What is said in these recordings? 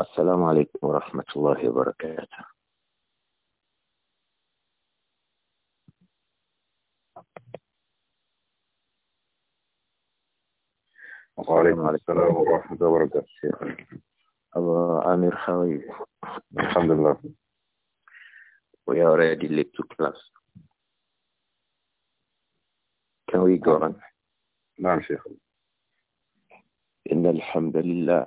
السلام عليكم ورحمة الله وبركاته وعليكم السلام ورحمة الله وبركاته أبو عامر خوي الحمد لله We are اللي تو to class. Can we go on? نعم شيخ إن الحمد لله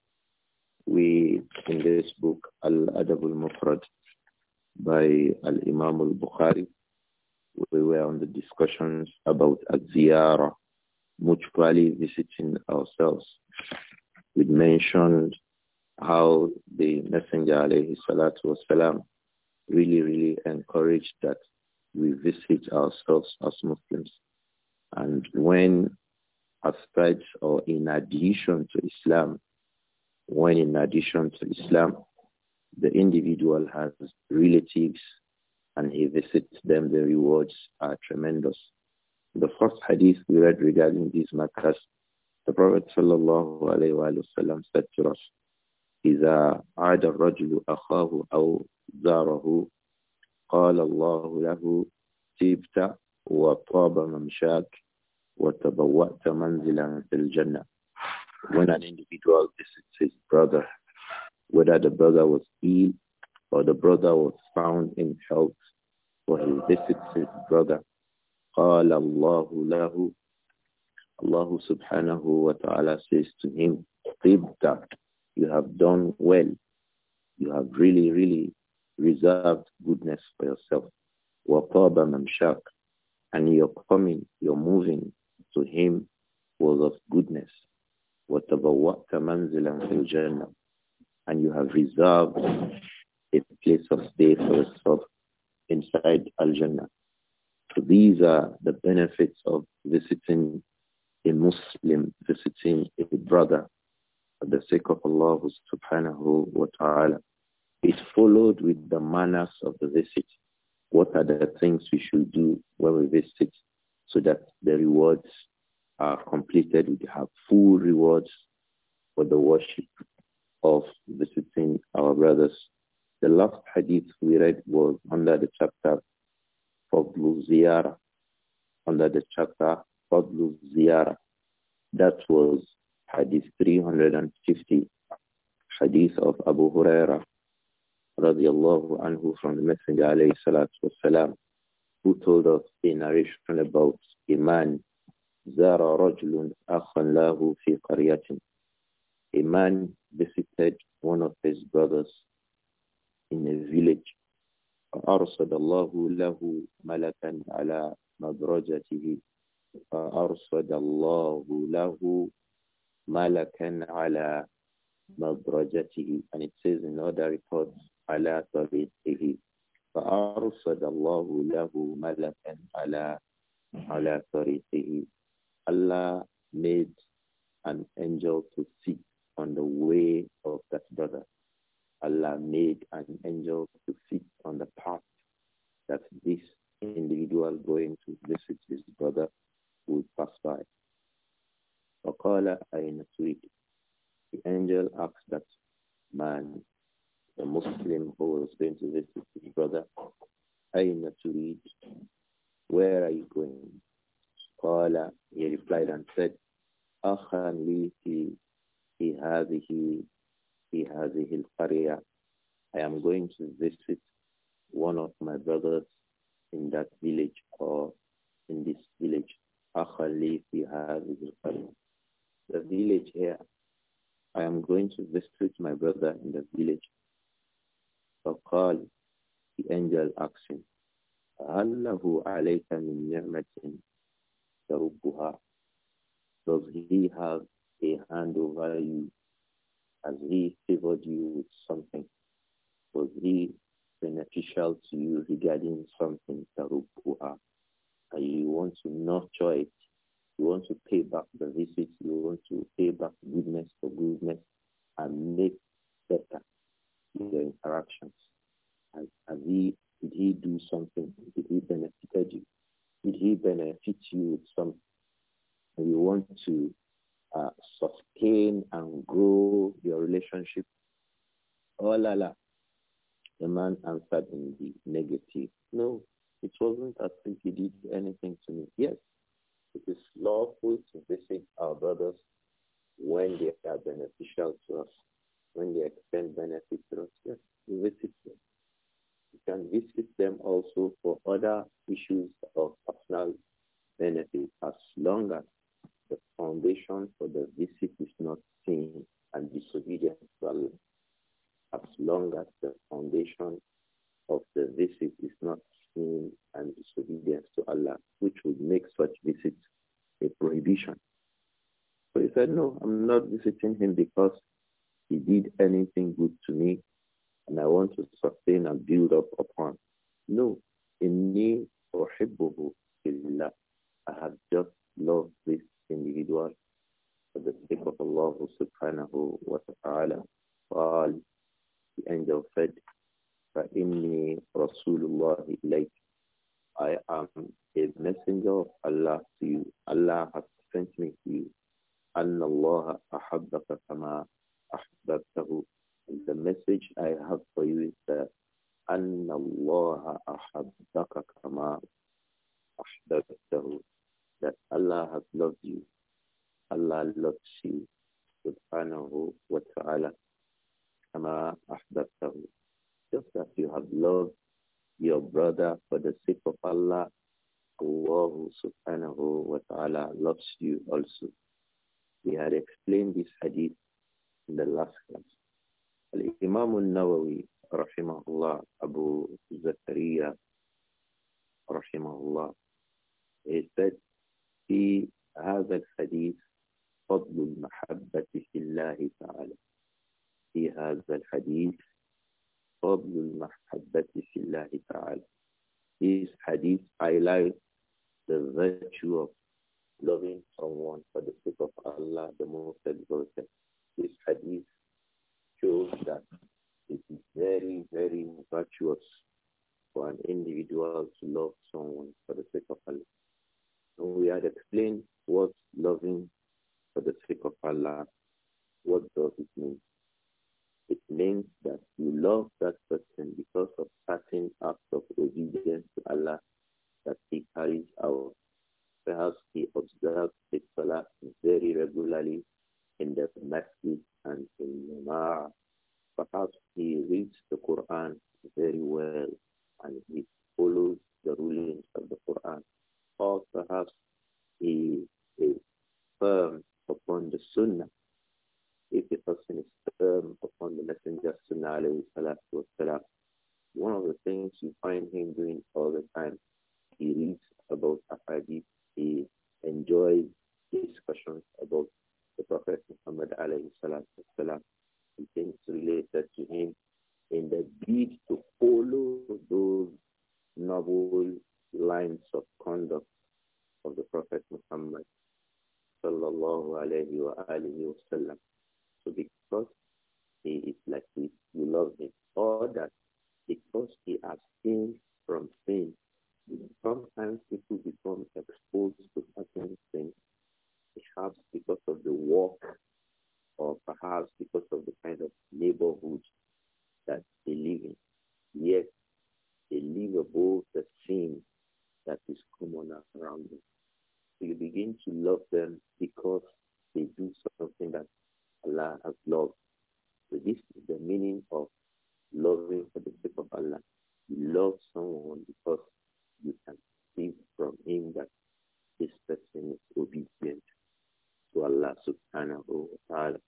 we in this book Al-Adab al-Mufrad by Al-Imam al-Bukhari we were on the discussions about Aziyara, mutually visiting ourselves. We mentioned how the Messenger alayhi salatu wasalam really, really encouraged that we visit ourselves as Muslims. And when aspects or in addition to Islam, when in addition to Islam, the individual has relatives and he visits them, the rewards are tremendous. The first hadith we read regarding these matters, the Prophet sallallahu alayhi wa sallam said to us, إذا عاد الرجل أخاه أو زاره قال الله له تبت وطاب ممشاك وتبوأت منزلا في الجنة when an individual visits his brother, whether the brother was ill or the brother was found in health, or he visits his brother. قال الله له Allah subhanahu wa ta'ala says to him, that you have done well. You have really, really reserved goodness for yourself. Waqaba mamshak. And your coming, your moving to him was of goodness. And you have reserved a place of stay for yourself inside Al-Jannah. So these are the benefits of visiting a Muslim, visiting a brother for the sake of Allah subhanahu wa ta'ala. It's followed with the manners of the visit. What are the things we should do when we visit so that the rewards are completed, we have full rewards for the worship of visiting our brothers. The last hadith we read was under the chapter Fadlu Ziyara, under the chapter Fadlu Ziyara. That was hadith 350, hadith of Abu Huraira radiallahu anhu from the Messenger alayhi salatu wasalam, who told us a narration about a man زار رجل أخا له في قرية a man visited one of his brothers in a village فأرصد الله له ملكا على مدرجته فأرصد الله له ملكا على مدرجته and it says in other reports على طريقه فأرصد الله له ملكا على على طريقه Allah made an angel to sit on the way of that brother. Allah made an angel to sit on the path that this individual going to visit his brother would pass by. وقال أين The angel asked that man, the Muslim who was going to visit his brother, أين تريد? Where are you going? قال he replied and said أخا لي في في هذه في هذه القرية I am going to visit one of my brothers in that village or in this village أخا لي في هذه القرية the village here I am going to visit my brother in the village فقال the angel asked him هل له عليك من نعمة does he have a hand over you? Has he favored you with something? Was he beneficial to you regarding something, Do And you want to nurture it. You want to pay back the visits. You want to pay back goodness for goodness and make better your interactions. Has, has he, did he do something? Did he benefit you? Did he benefit you with something? You want to uh, sustain and grow your relationship? Oh la la. The man answered in the negative. No, it wasn't as if he did anything to me. Yes, it is lawful to visit our brothers when they are beneficial to us, when they extend benefit to us. Yes, we visit them. You can visit them also for other issues of personal benefit as long as the foundation for the visit is not seen and disobedience to Allah. As long as the foundation of the visit is not seen and disobedience to Allah, which would make such visits a prohibition. So he said, no, I'm not visiting him because he did anything good to me and I want to sustain and build up upon. No, inni uhibbuhu fillah. I have just loved this individual for the sake of Allah subhanahu wa ta'ala. قال the angel said فإني رسول الله إليك I am a messenger of Allah to you. Allah has sent me to you. أن الله أحبك كما أحببته the message I have for you is that أن الله أحبك كما أحببته that Allah has loved you. Allah loves you subhanahu wa ta'ala kama Just as you have loved your brother for the sake of Allah, Allah subhanahu wa ta'ala loves you also. We had explained this hadith in the last class. الإمام النووي رحمه الله أبو زكريا رحمه الله he said في هذا الحديث فضل المحبة في الله تعالى في هذا الحديث فضل المحبة في الله تعالى This hadith highlights the virtue of loving someone for the sake of Allah, the Most Exalted. This hadith shows that it is very, very virtuous for an individual to love someone for the sake of Allah. And we had explained what loving for the sake of Allah, what does it mean? It means that you love that person because of certain acts of obedience to Allah that he carries out. Perhaps he observes his salah very regularly in the masjid and in Perhaps he reads the Quran very well and he follows the rulings of the Quran. Or perhaps he is firm upon the Sunnah. If a person is firm upon the Messenger Sunnah alayhi one of the things you find him doing all the time, he reads about Ahadith, he enjoys discussions about the Prophet Muhammad alayhi and things related to him in the bid to follow those noble lines of conduct of the Prophet Muhammad sallallahu alayhi wa alihi wasallam. So because he is like this, you love him. Or that because he abstains from sin, sometimes people become exposed to certain things perhaps because of the work or perhaps because of the kind of neighborhood that they live in. Yes, they live above the sin that is common around them. So you begin to love them because they do something that Allah has loved. So this is the meaning of loving for the sake of Allah. You love someone because you can see from him that this person is obedient. to Allah subhanahu wa ta'ala.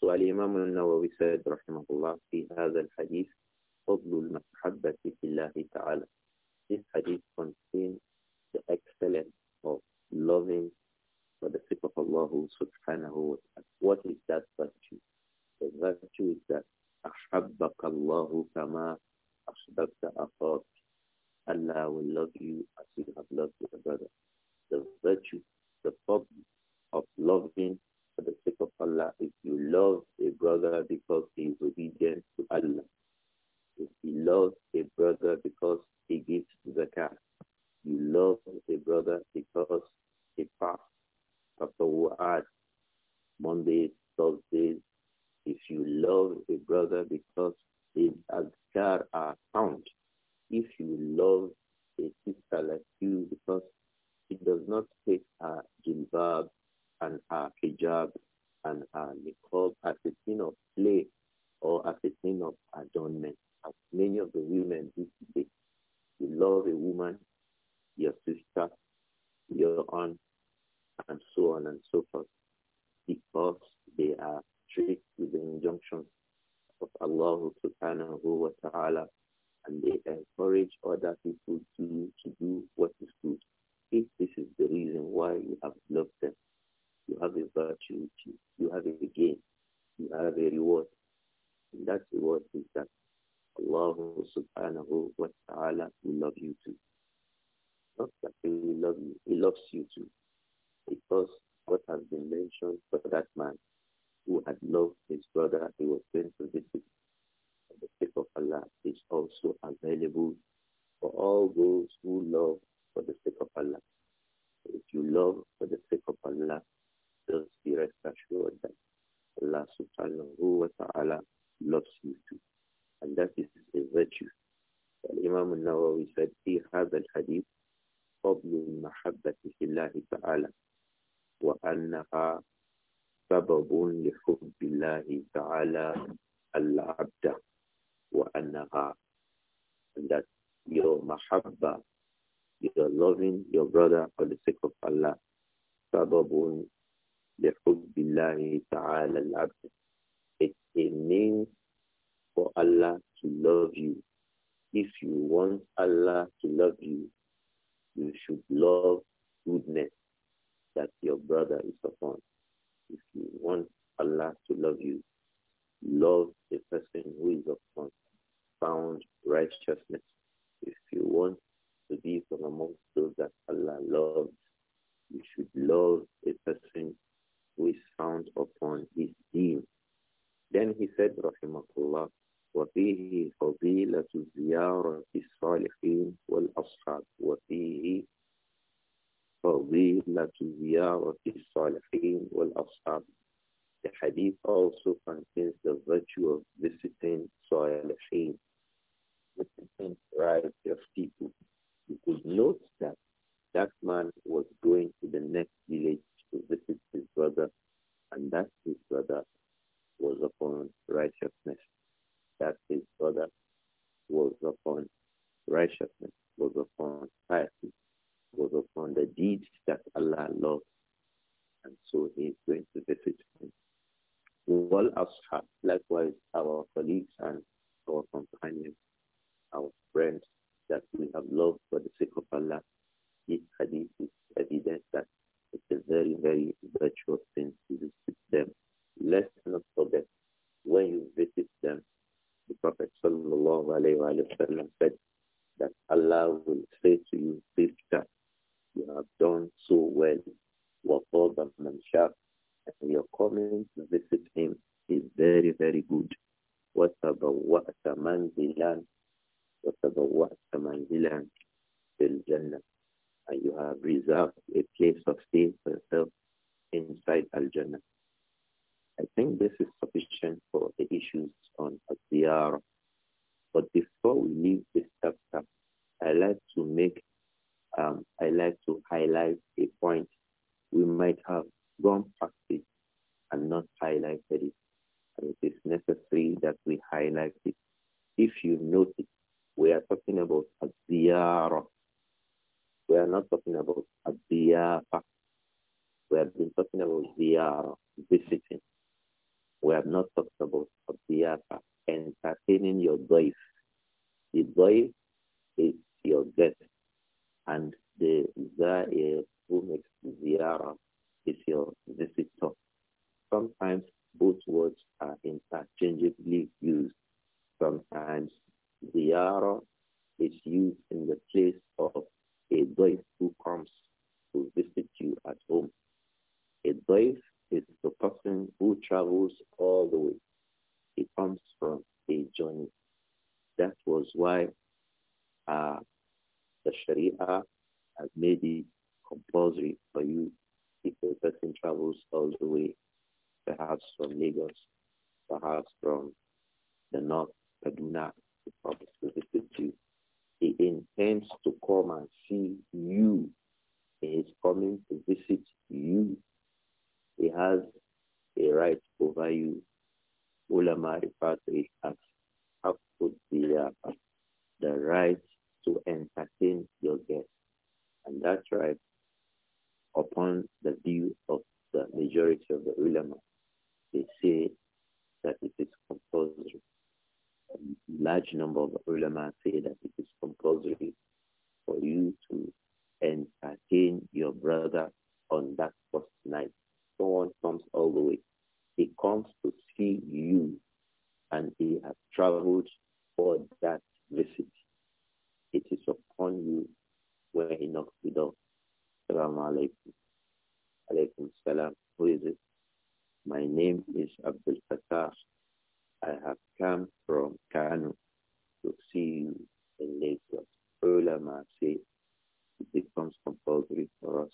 So Al-Imam al-Nawawi said, rahimahullah, في هذا الحديث فضل المحبة في الله تعالى. This hadith contains the excellence of loving for the sake of Allah subhanahu wa ta'ala. What is that virtue? The virtue is that أحبك الله كما أحببت أخاك. Allah will love you as you have loved your brother. The virtue, the problem of loving for the sake of Allah if you love a brother because he is obedient to Allah. If you love a brother because he gives zakat. You love a brother because he fasts after Wa'ad, Mondays, Thursdays. If you love a brother because his azkar are sound. If you love a sister like you because she does not take her jilbab and our hijab and our niqab as a sign of play or as a sign of adornment, as many of the women do today. You love a woman, your sister, your aunt, and so on and so forth, because they are treated with the injunction of Allah subhanahu wa ta'ala, and they encourage other people to, to do what is good. If this is the reason why you have loved them, you have a virtue, you have a gain, you have a reward. And that reward is that Allah subhanahu wa ta'ala will love you too. Not that he will love you, he loves you too. Because what has been mentioned for that man who had loved his brother he was going to visit for the sake of Allah is also available for all those who love for the sake of Allah. If you love for the sake of Allah, yourselves be rest assured that Allah subhanahu wa ta'ala loves you. our colleagues and and you have reserved a place of stay for yourself inside Al-Jannah. I think this is sufficient for the issues on Aziyar. But before we leave this chapter, I like to make, um, I like to highlight a point we might have gone past it and not highlighted it. And it is necessary that we highlight it. If you notice, we are talking about Aziyar we are not talking about abdiyafa. We have been talking about ziyara, visiting. We have not talked about abdiyafa, entertaining your wife. The wife is your guest. And the zair who makes ziyara is your visitor. Sometimes both words are interchangeably used. Sometimes ziyara is used in the place of a doif who comes to visit you at home. A doif is the person who travels all the way. He comes from a journey. That was why uh, the Sharia has made it compulsory for you if a person travels all the way, perhaps from Lagos, perhaps from the North Kaduna, to visit you he intends to come and see you. He is coming to visit you. He has a right over you. Ulama refer to it as the right to entertain your guests. And that right upon the view of the majority of the ulama, they say that it is compulsory large number of ulama say that it is compulsory for you to entertain your brother on that first night. Someone comes all the way. He comes to see you and he has traveled for that visit. It is upon you when he knocks the door. alaikum. salam. Who is it? My name is Abdul Fattah I have come from Cano to see you in Lagos. Ulama say it becomes compulsory for us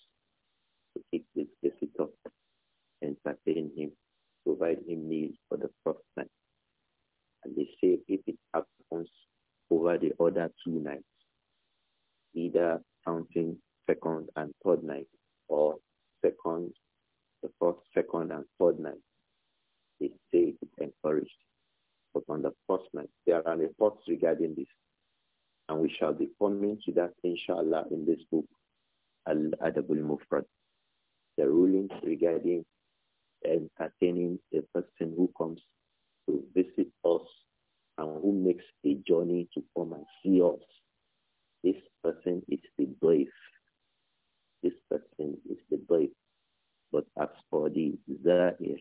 to keep this visitor, entertain him, provide him meals for the first night. And they say if it happens over the other two nights, either counting second and third night or second, the first, second and third night, they say it's encouraged upon the There are reports regarding this. And we shall be coming to that, inshallah, in this book, Al-Adabul Mufrad. The rulings regarding entertaining a person who comes to visit us and who makes a journey to come and see us. This person is the brave. This person is the brave. But as for the zahir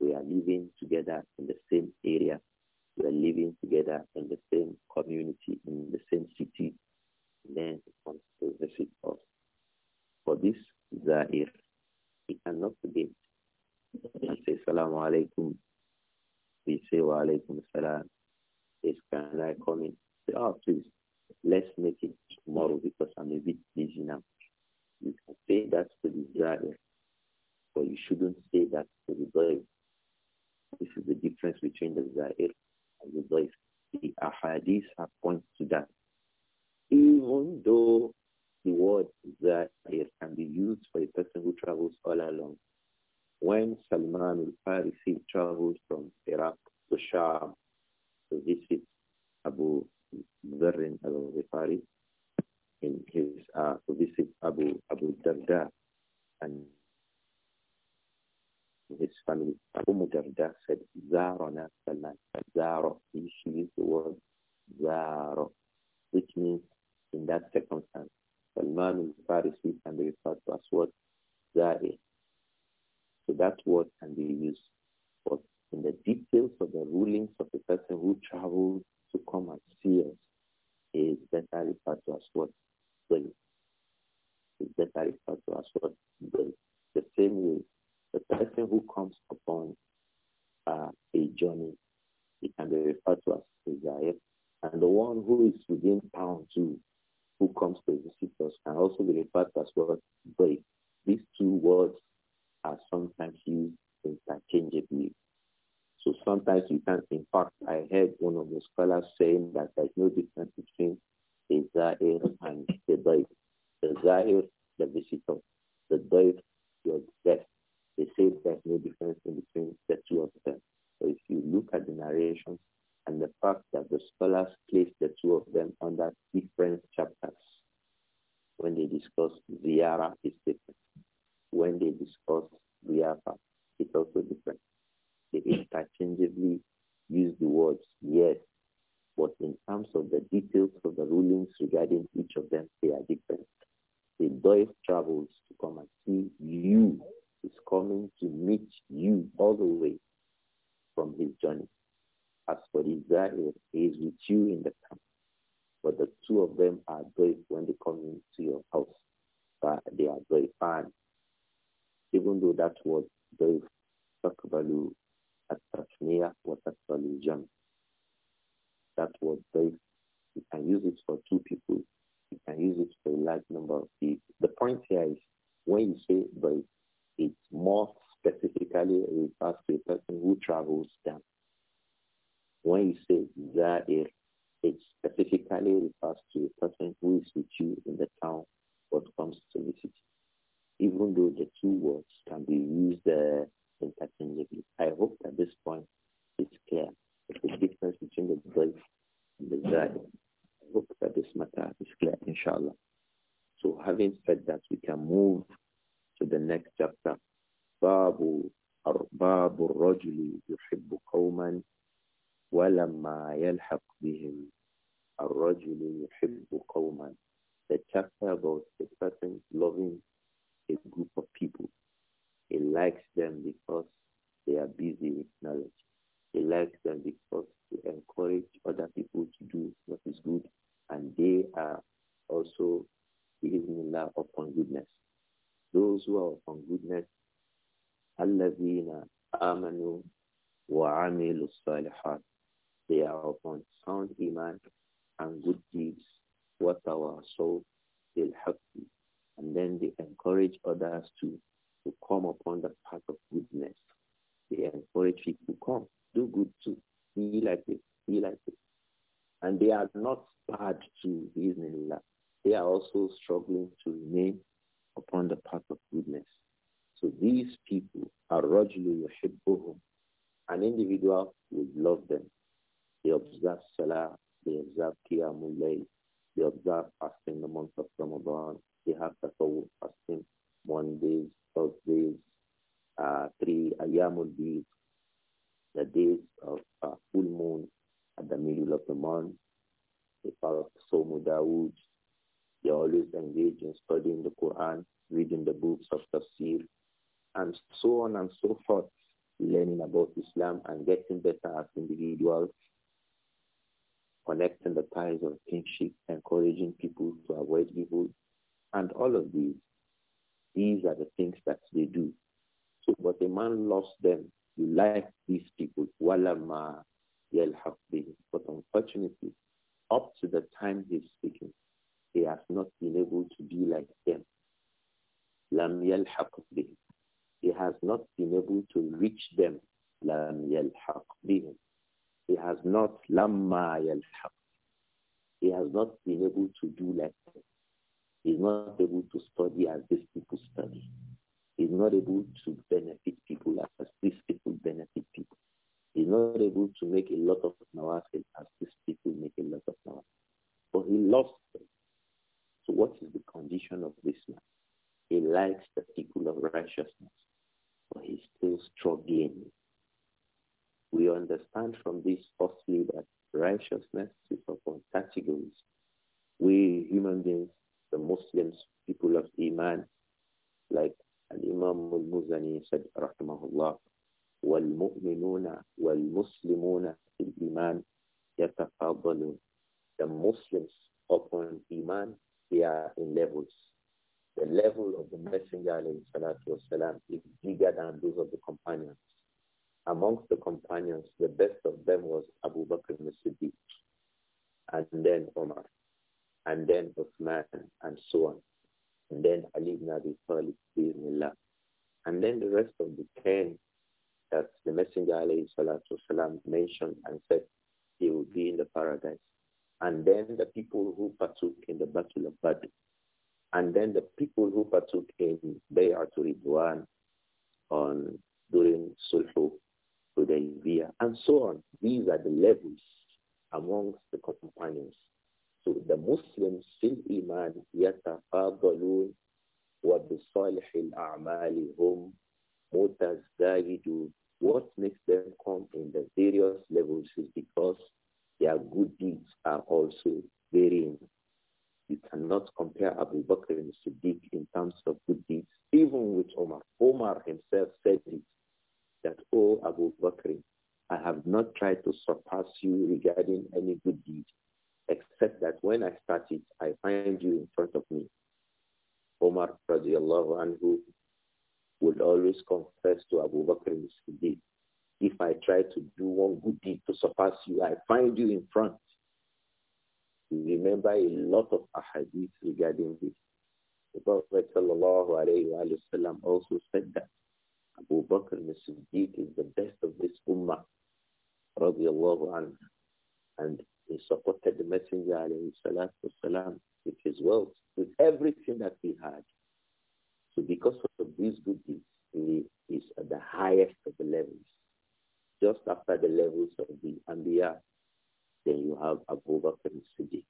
we are living together in the same area. We are living together in the same community, in the same city. then comes visit of. For this Zair, he cannot forget. He says, Salaam alaikum. We say, Wa alaikum salam. Says, can I come in? Say, oh, please, let's make it tomorrow because I'm a bit busy now. You can say that to the driver, but you shouldn't say that to the driver. This is the difference between the Zahir and the Zaif. The Ahadith points to that. Even though the word Zahir can be used for a person who travels all alone. When Salman al-Farisi travels from Iraq to Sham to visit Abu Dharrin al-Ghifari in his uh, to visit Abu Abu Darda and his family. Abu Darda said, Zarana Salman. Zaro. He used the word Zaro, which means in that circumstance. Salman is farisi can be referred to as what? So that word can be used. But in the details of the rulings of the person who traveled to come and see us, is better referred to as what? Za'i. Is better referred to as what? Za'i. The same way the person who comes upon uh, a journey, it can be referred to as Israel. And the one who is within town too, who comes to visit us, can also be referred to as what Bay. These two words are sometimes used interchangeably. So sometimes you can, in fact, I heard one of the scholars saying that there's no difference between a Zahir and a Daif. The Zahir, the visitor. The Daif, your guest. They say there's no difference in between the two of them. But if you look at the narrations and the fact that the scholars place the two of them under different chapters when they discuss Ziyara, is different. When they discuss Riyafa, it's also different. They interchangeably use the words yes, but in terms of the details of the rulings regarding each of them, they are different. The Doif travels to come and see you is coming to meet you all the way from his journey. As for the he is with you in the camp. But the two of them are brave when they come into your house. But they are brave. And even though that was brave, value at was wa Takbalu Jam. That was brave. You can use it for two people. You can use it for a large number of people. The point here is when you say brave, it's more specifically refers to a person who travels there. When you say Zair, it specifically refers to a person who is with you in the town but comes to the city. even though the two words can be used uh, interchangeably. I hope at this point it's clear the difference between the Zair and the Zair. I hope that this matter is clear, inshallah. So having said that, we can move to the next chapter. Babu باب الرجل يحب قوما ولما يلحق بهم الرجل يحب قوما The chapter about a person loving a group of people. He likes them because they are busy with knowledge. He likes them because they encourage other people to do what is good and they are also, giving love upon goodness those who are upon goodness, الَّذِينَ آمَنُوا وَعَمِلُوا الصَّالِحَاتِ They are upon sound iman and good deeds, What our soul, they'll بِالْحَقِّ And then they encourage others to, to come upon the path of goodness. They encourage people, to come, do good too, be like this, be like this. And they are not bad to Bismillah. They are also struggling to remain upon the path of goodness. So these people, are rajlu Yuhibbuhum, an individual will love them. They observe Salah, they observe Qiyamul they observe fasting the month of Ramadan, they have tatawu fasting, one days, twelve days, uh, three Ayamul days, the days of uh, full moon at the middle of the month, they follow Somu Dawood, they are always engaged in studying the Quran, reading the books of tafsir, and so on and so forth, learning about Islam and getting better as individuals, connecting the ties of kinship, encouraging people to avoid evil, and all of these. These are the things that they do. So, but a man lost them. You like these people. Walama yelhaq But unfortunately, up to the time he's speaking, he has not been able to be like them. Lam يلحق بهم. He has not been able to reach them. Lam يلحق بهم. He has not لما يلحق. He has not been able to do like them. He's not able to study as these people study. He's not able to benefit people as these people benefit people. He's not able to make a lot of nawafil as these people make a lot of nawafil. But he loves them. So what is the condition of this man? He likes the people of righteousness, but he's still struggling. We understand from this firstly that righteousness is upon categories. We human beings, the Muslims, people of Iman, like an imam Al-Muzani said, Rahimahullah, وَالْمُؤْمِنُونَ وَالْمُسْلِمُونَ فِي الْإِيمَانِ يَتَفَضَّلُونَ The Muslims upon Iman they are in levels. The level of the messenger والسلام, is bigger than those of the companions. Amongst the companions, the best of them was Abu Bakr al-Siddiq, and then Omar, and then Uthman, and so on. And then Ali ibn Abi Talib, and then the rest of the ten that the Messenger والسلام, mentioned and said he will be in the paradise and then the people who partook in the Battle of Badr, and then the people who partook in Bayatul Ridwan on during Sulhu Hudaybiyah, and so on. These are the levels amongst the companions. So the Muslims in Iman يتفاضلون وبصالح الأعمال هم متزايدون. What makes them come in the various levels is because their good deeds are also varying. You cannot compare Abu Bakr and Siddiq in terms of good deeds, even with Omar. Omar himself said it, that, oh, Abu Bakr, I have not tried to surpass you regarding any good deed, except that when I started, I find you in front of me. Omar radiallahu anhu would always confess to Abu Bakr and Siddiq if I try to do one good deed to surpass you, I find you in front. remember a lot of ahadith regarding this. The Prophet sallallahu also said that Abu Bakr as-Siddiq is the best of this ummah, radiallahu anhu. And he supported the Messenger alayhi salatu wasalam with his wealth, with everything that he had. So because of these good deeds, he is at the highest of the levels just after the levels of the Anbiya, then you have Abu Bakr Siddiq,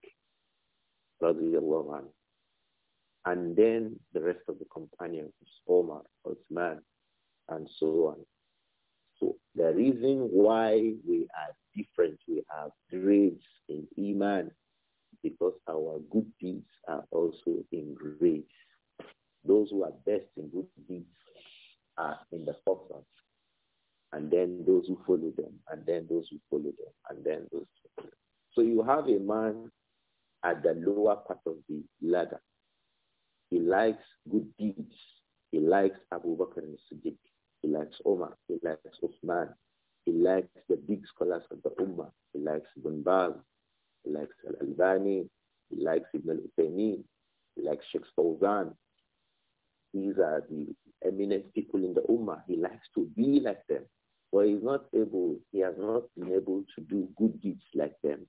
and then the rest of the companions, Omar, Osman, and so on. So the reason why we are different, we have grades in Iman, because our good deeds are also in grades. Those who are best in good deeds are in the forefront and then those who follow them, and then those who follow them, and then those. So you have a man at the lower part of the ladder. He likes good deeds. He likes Abu Bakr and Siddiq. He likes Omar. He likes Uthman. He likes the big scholars of the Ummah. He likes Ibn Baz. He likes Al-Albani. He likes Ibn al-Husaymin. He likes Sheikh Fawzan. These are the eminent people in the Ummah. He likes to be like them but he's not able, he has not been able to do good deeds like them.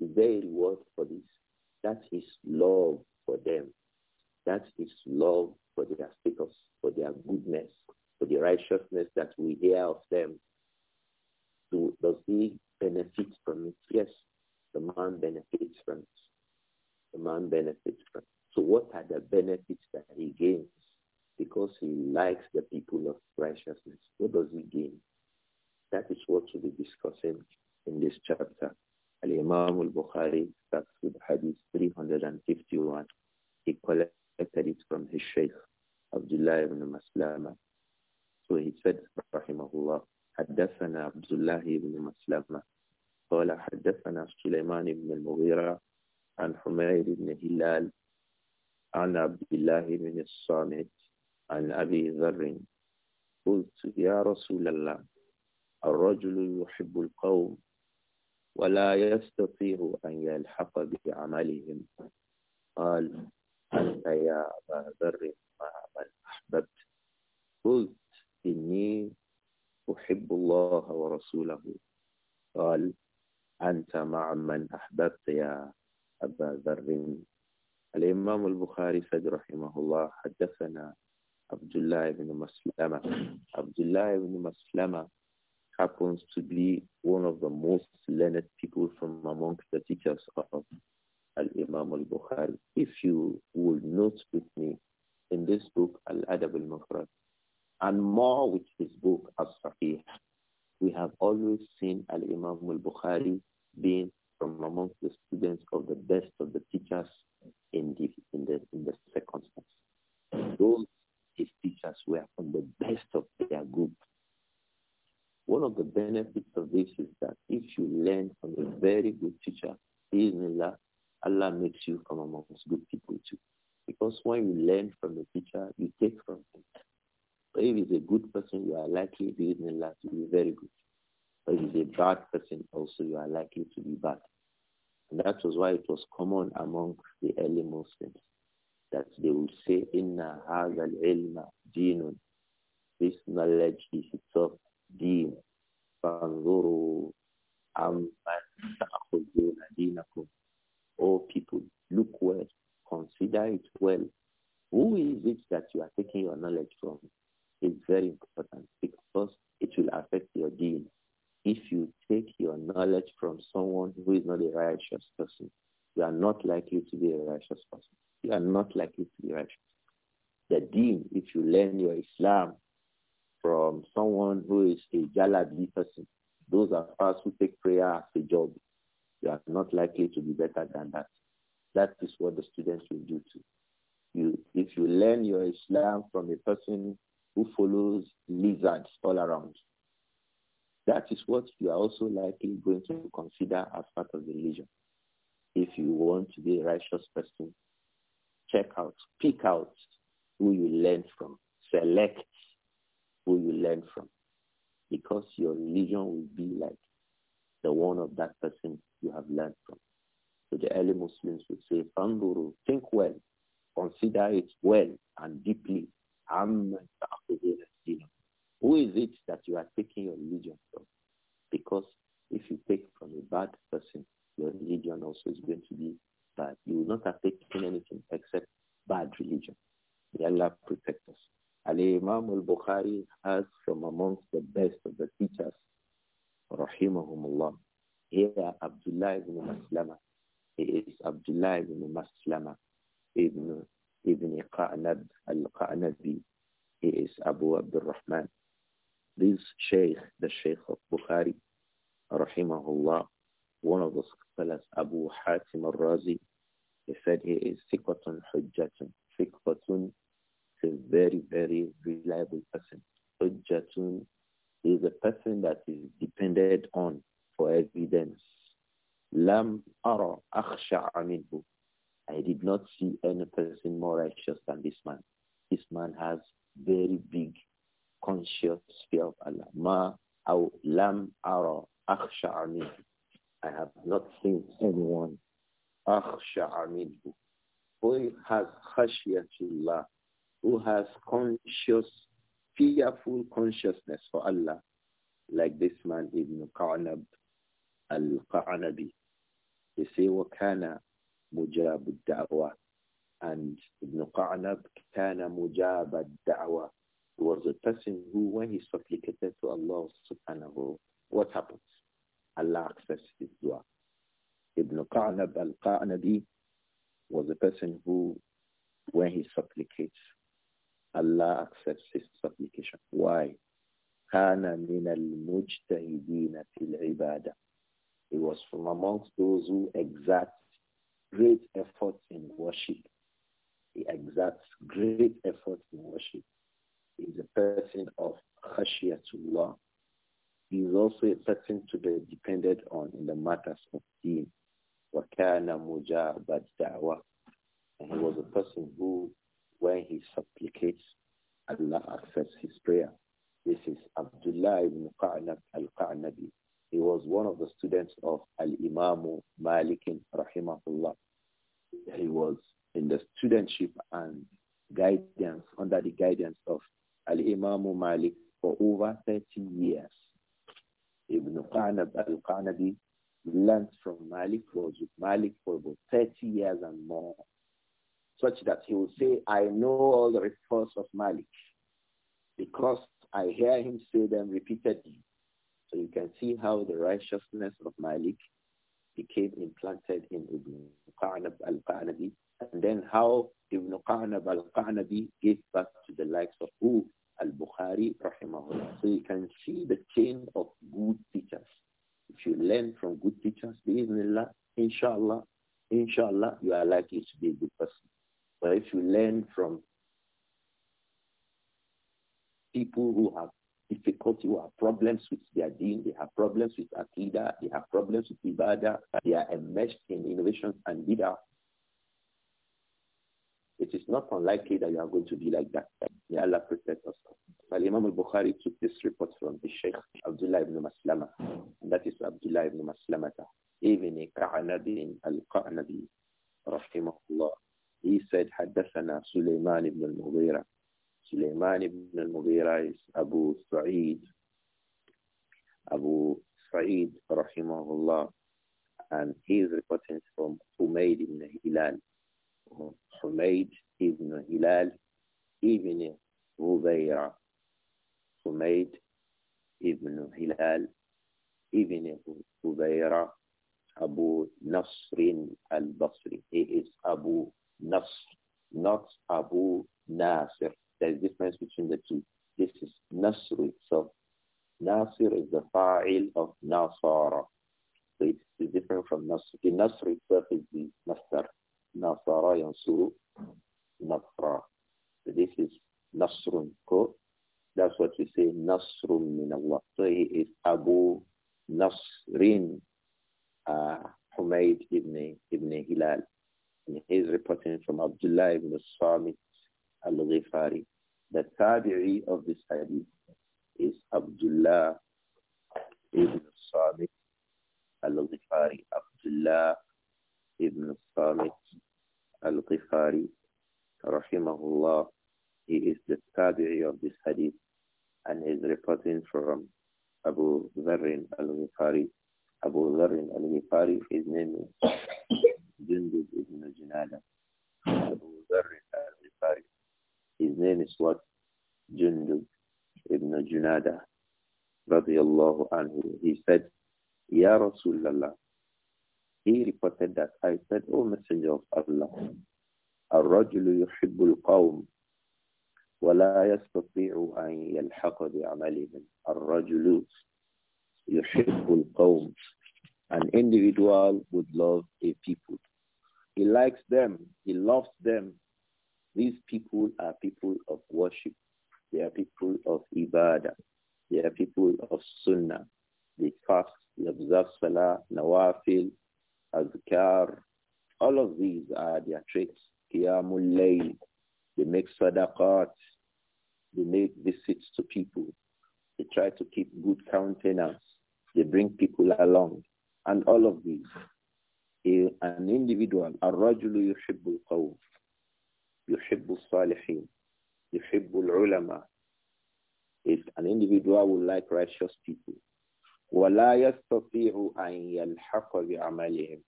Is there a reward for this? That's his love for them. That's his love for their status, for their goodness, for the righteousness that we hear of them. Do, does he benefit from it? Yes, the man benefits from it. The man benefits from it. So what are the benefits that he gains? Because he likes the people of righteousness. What does he gain? That is what we'll be discussing in this chapter. Al-Imam al-Bukhari starts with Hadith 351. He collected it from his Shaykh, Abdullah ibn Maslama. So he said, Rahimahullah, حدثنا عبد الله بن مسلمة قال حدثنا سليمان بن المغيرة عن حمير بن هلال عن عبد الله بن الصامت عن أبي ذر قلت يا رسول الله الرجل يحب القوم ولا يستطيع أن يلحق بعملهم قال أنت يا أبا ذر مع من أحببت قلت إني أحب الله ورسوله قال أنت مع من أحببت يا أبا ذر الإمام البخاري سيد رحمه الله حدثنا عبد الله بن مسلمة عبد الله بن مسلمة happens to be one of the most learned people from amongst the teachers of Al-Imam al-Bukhari. If you would note with me in this book, Al-Adab al-Mufrad, and more with his book, As-Sahih, we have always seen Al-Imam al-Bukhari being from amongst the students of the best of the teachers in the, in the, in the circumstance. Those his teachers were from the best of their group one of the benefits of this is that if you learn from a very good teacher, Allah, Allah makes you from amongst good people too. Because when you learn from a teacher, you take from him. So if he's a good person, you are likely, Allah, to be very good. But if he's a bad person, also you are likely to be bad. And that was why it was common among the early Muslims that they would say, Inna al ilma dinun. This knowledge is itself دين فانظروا عمن تأخذون دينكم all oh people, look well, consider it well. Who is it that you are taking your knowledge from? It's very important because it will affect your deen. If you take your knowledge from someone who is not a righteous person, you are not likely to be a righteous person. You are not likely to be righteous. The deen, if you learn your Islam from someone who is a jalabi person. Those are us who take prayer as a job. You are not likely to be better than that. That is what the students will do too. You, if you learn your Islam from a person who follows lizards all around, that is what you are also likely going to consider as part of the religion. If you want to be a righteous person, check out, pick out who you learn from, select who you learn from because your religion will be like the one of that person you have learned from. So the early Muslims would say, Fanduru, think well, consider it well and deeply. Who is it that you are taking your religion from? Because if you take from a bad person, your religion also is going to be bad. You will not have taken anything except bad religion. May Allah protect us. Ali imam al-Bukhari has from amongst the best of the teachers, rahimahumullah. Here, Abdullah ibn Maslama. He is Abdullah ibn Maslama ibn, ibn Qa'nab al-Qa'nabi. He is Abu Abdul Rahman. This Shaykh, the Shaykh of Bukhari, rahimahullah, one of the scholars, Abu Hatim al-Razi, he said he is Sikatun Hujjatun, Sikatun a very, very reliable person. Ojatun is a person that is depended on for evidence. Lam ara akhsha'a minhu. I did not see any person more righteous than this man. This man has very big conscious fear of Allah. Ma aw lam ara akhsha'a minhu. I have not seen anyone akhsha'a minhu. Who has khashiyatullah who has conscious, fearful consciousness for Allah, like this man Ibn Qanab al-Qanabi. They say, وَكَانَ مُجَابُ الدَّعْوَةِ And Ibn Qanab كَانَ مُجَابَ الدَّعْوَةِ was a person who, when he supplicated to Allah subhanahu, what happens? Allah accepts his dua. Ibn Qanab al-Qanabi was a person who, when he supplicates, Allah accepts his supplication. Why? Kana He was from amongst those who exact great efforts in worship. He exacts great efforts in worship. He is a person of khashiyatullah. He is also a person to be depended on in the matters of deen. وَكَانَ مُجَابَ الدَّعْوَةِ And he was a person who when he supplicates, Allah accepts his prayer. This is Abdullah ibn Qa'nab al-Qa'nabi. He was one of the students of Al-Imam Malik rahimahullah. He was in the studentship and guidance, under the guidance of Al-Imam Malik for over 30 years. Ibn Qanab al-Qanabi learned from Malik, was with Malik for about 30 years and more such that he will say, I know all the reports of Malik because I hear him say them repeatedly. So you can see how the righteousness of Malik became implanted in Ibn Qanab al-Qanabi and then how Ibn Qanab al-Qanabi gave birth to the likes of who? Al-Bukhari rahimahullah. So you can see the chain of good teachers. If you learn from good teachers, inshallah, inshallah, you are likely to be a good person. But if you learn from people who have difficulty, who have problems with their deen, they have problems with akida, they have problems with ibadah, they are enmeshed in innovations and bidah, it is not unlikely that you are going to be like that. May Allah protect us. Well, Imam al-Bukhari took this report from the Sheikh Abdullah ibn Maslama. and that is Abdullah ibn Maslamata, ibn Ka'anabin al-Qa'nabi, rahimahullah. He said, حدثنا سليمان ibn al-Mughira. Suleiman ibn al is Abu Sa'id. Abu Sa'id, rahimahullah. And he is reporting from Humaid ibn Hilal. Humaid ibn Hilal ibn Hubayra. Humaid ibn Hilal ibn Hubayra. Abu Nasrin al-Basri. He is Abu Nasr, not Abu Nasir. There is difference between the two. This is Nasr itself. Nasir is the fa'il of Nasara. So it is different from Nasr. The Nasr itself is the Nasr. Nasara yansuru Nasra. So this is Nasrun. Ko. That's what we say, Nasrun min Allah. So he is Abu Nasrin uh, Humayd ibn, ibn Hilal. He is reporting from Abdullah ibn Samit al-Ghifari. The tabi'i of this hadith is Abdullah ibn Samit al-Ghifari. Abdullah ibn Samit al-Ghifari, rahimahullah. He is the tabi'i of this hadith and is reporting from Abu Dharrin al-Ghifari. Abu Dharrin al-Ghifari, his name is his name is what? Jundub ibn Junada, الله عنه. He said, رسول الله. He reported that I said, O Messenger of Allah, الرجل يحب القوم ولا يستطيع أن يلحق بعملهم الرجل يحب القوم an individual would love a people he likes them. He loves them. These people are people of worship. They are people of ibadah. They are people of sunnah. They fast, they observe salah, nawafil, azkar. All of these are their traits. Qiyamul layl. They make sadaqat. They make visits to people. They try to keep good countenance. They bring people along. And all of these a, an individual, الرجل يحب القوم يحب الصالحين يحب العلماء is an individual who like righteous people ولا يستطيع أن يلحق بعملهم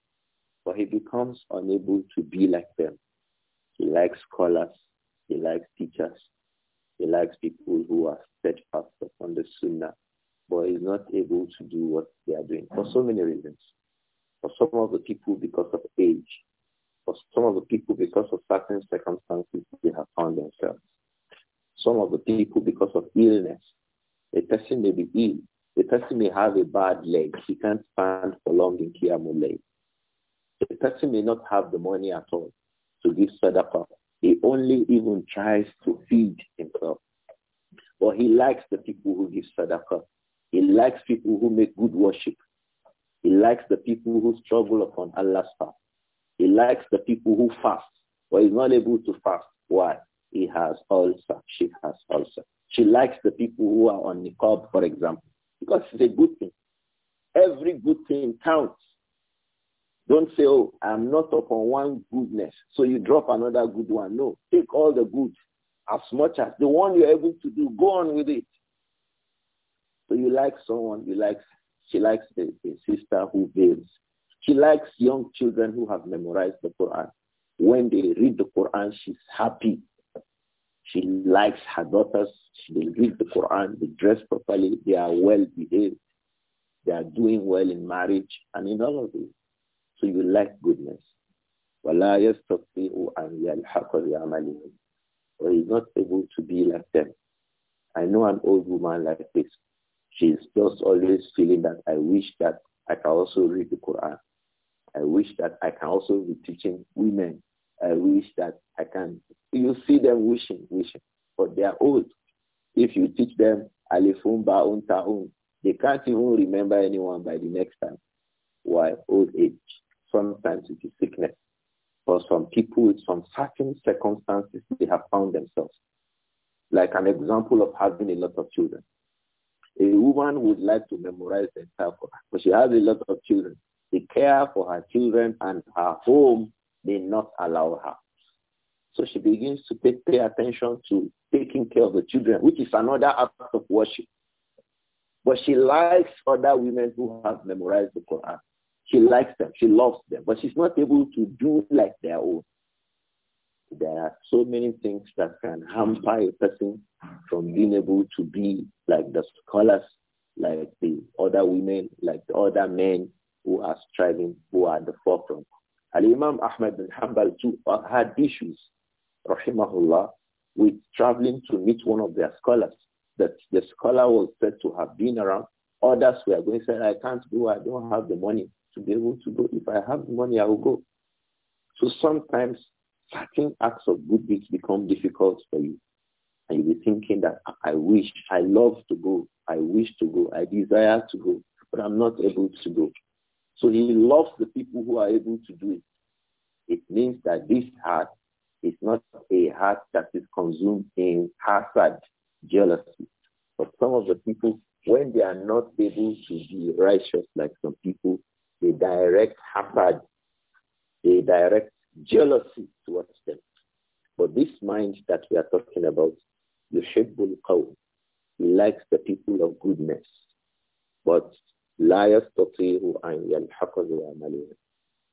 but he becomes unable to be like them he likes scholars he likes teachers he likes people who are steadfast upon the sunnah but is not able to do what they are doing for so many reasons for some of the people, because of age. For some of the people, because of certain circumstances they have found themselves. Some of the people, because of illness. A person may be ill. The person may have a bad leg. He can't stand for long in Kiyamulay. The person may not have the money at all to give sadaqah. He only even tries to feed himself. But he likes the people who give sadaqah. He likes people who make good worship. He likes the people who struggle upon Allah's path. He likes the people who fast, but is not able to fast. Why? He has ulcer. She has ulcer. She likes the people who are on niqab, for example, because it's a good thing. Every good thing counts. Don't say, oh, I'm not upon one goodness, so you drop another good one. No, take all the good, as much as the one you're able to do, go on with it. So you like someone, you like she likes the, the sister who veils. She likes young children who have memorized the Quran. When they read the Quran, she's happy. She likes her daughters. They read the Quran. They dress properly. They are well behaved. They are doing well in marriage and in all of this. So you like goodness. وَلَا يَسْتَطِيعُ are يَلْحَقَ بِعَمَلِهِمْ Or he's not able to be like them. I know an old woman like this she's just always feeling that I wish that I can also read the Quran. I wish that I can also be teaching women. I wish that I can. You see them wishing, wishing, but they are old. If you teach them alifun ba'un ta'un, they can't even remember anyone by the next time. Why? Old age. Sometimes it is sickness. For some people with some certain circumstances, they have found themselves. Like an example of having a lot of children. A woman would like to memorize the entire Quran, but she has a lot of children. The care for her children and her home may not allow her. So she begins to pay, pay attention to taking care of the children, which is another act of worship. But she likes other women who have memorized the Quran. She likes them. She loves them. But she's not able to do like their own. There are so many things that can hamper a person from being able to be like the scholars, like the other women, like the other men who are striving, who are at the forefront. Al-Imam Ahmad bin Hanbal too had issues, rahimahullah, with traveling to meet one of their scholars. That the scholar was said to have been around. Others were going to say, I can't go, I don't have the money to be able to go. If I have money, I will go. So sometimes certain acts of good deeds become difficult for you. And you'll be thinking that I wish, I love to go, I wish to go, I desire to go, but I'm not able to go. So he loves the people who are able to do it. It means that this heart is not a heart that is consumed in hatred, jealousy. But some of the people, when they are not able to be righteous like some people, they direct hatred, they direct jealousy towards them. But this mind that we are talking about, Yushibbul Qawm, he likes the people of goodness. But liars يستطيع أن يلحقه عمله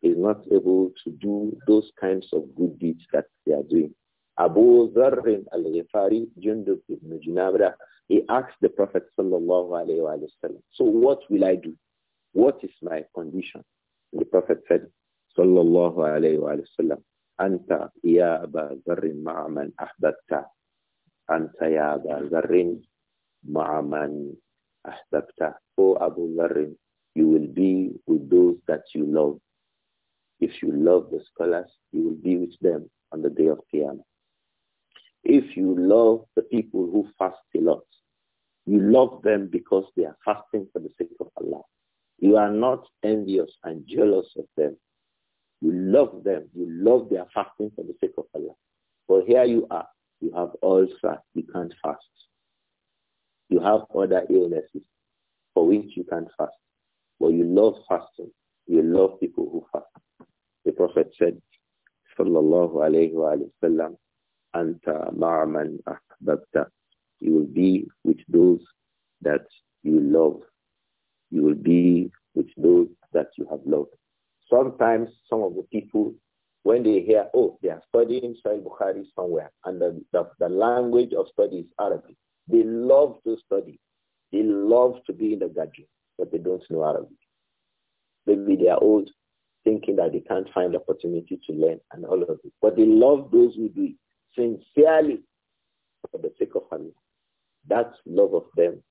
is not able to do those kinds of good deeds that they are doing. Abu Dharr al-Ghifari, Jundub ibn Junabra, he asked the Prophet sallallahu alayhi wa so what will I do? What is my condition? And the Prophet said, sallallahu alayhi wa sallam, Anta ya Aba Zarrin ma'aman ahbabta. Anta ya Aba Zarrin ma'aman ahbabta. O Abu Zarrin, you will be with those that you love. If you love the scholars, you will be with them on the day of Qiyamah. If you love the people who fast a lot, you love them because they are fasting for the sake of Allah. You are not envious and jealous of them. You love them. You love their fasting for the sake of Allah. But here you are. You have ulcers. You can't fast. You have other illnesses for which you can't fast. But you love fasting. You love people who fast. The Prophet said, Sallallahu alayhi wa sallam, Anta ma'aman ahbabta. You will be with those that you love. You will be with those that you have loved. Sometimes some of the people, when they hear, oh, they are studying Sahih Bukhari somewhere, and the, the, the language of study is Arabic. They love to study. They love to be in the gadget, but they don't know Arabic. Maybe they are old, thinking that they can't find opportunity to learn and all of it. But they love those who do it sincerely for the sake of Allah. That love of them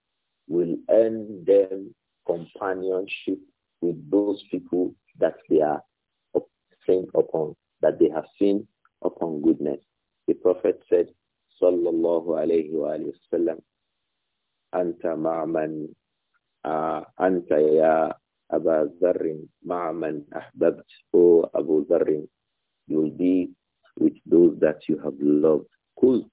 will earn them companionship with those people that they are seen upon, that they have seen upon goodness. The Prophet said, Sallallahu alayhi wa sallam, Anta ma'man, uh, Anta ya Abu Dharrin, ma'man ahbabt, O Abu Dharrin, you'll be with those that you have loved. Kult,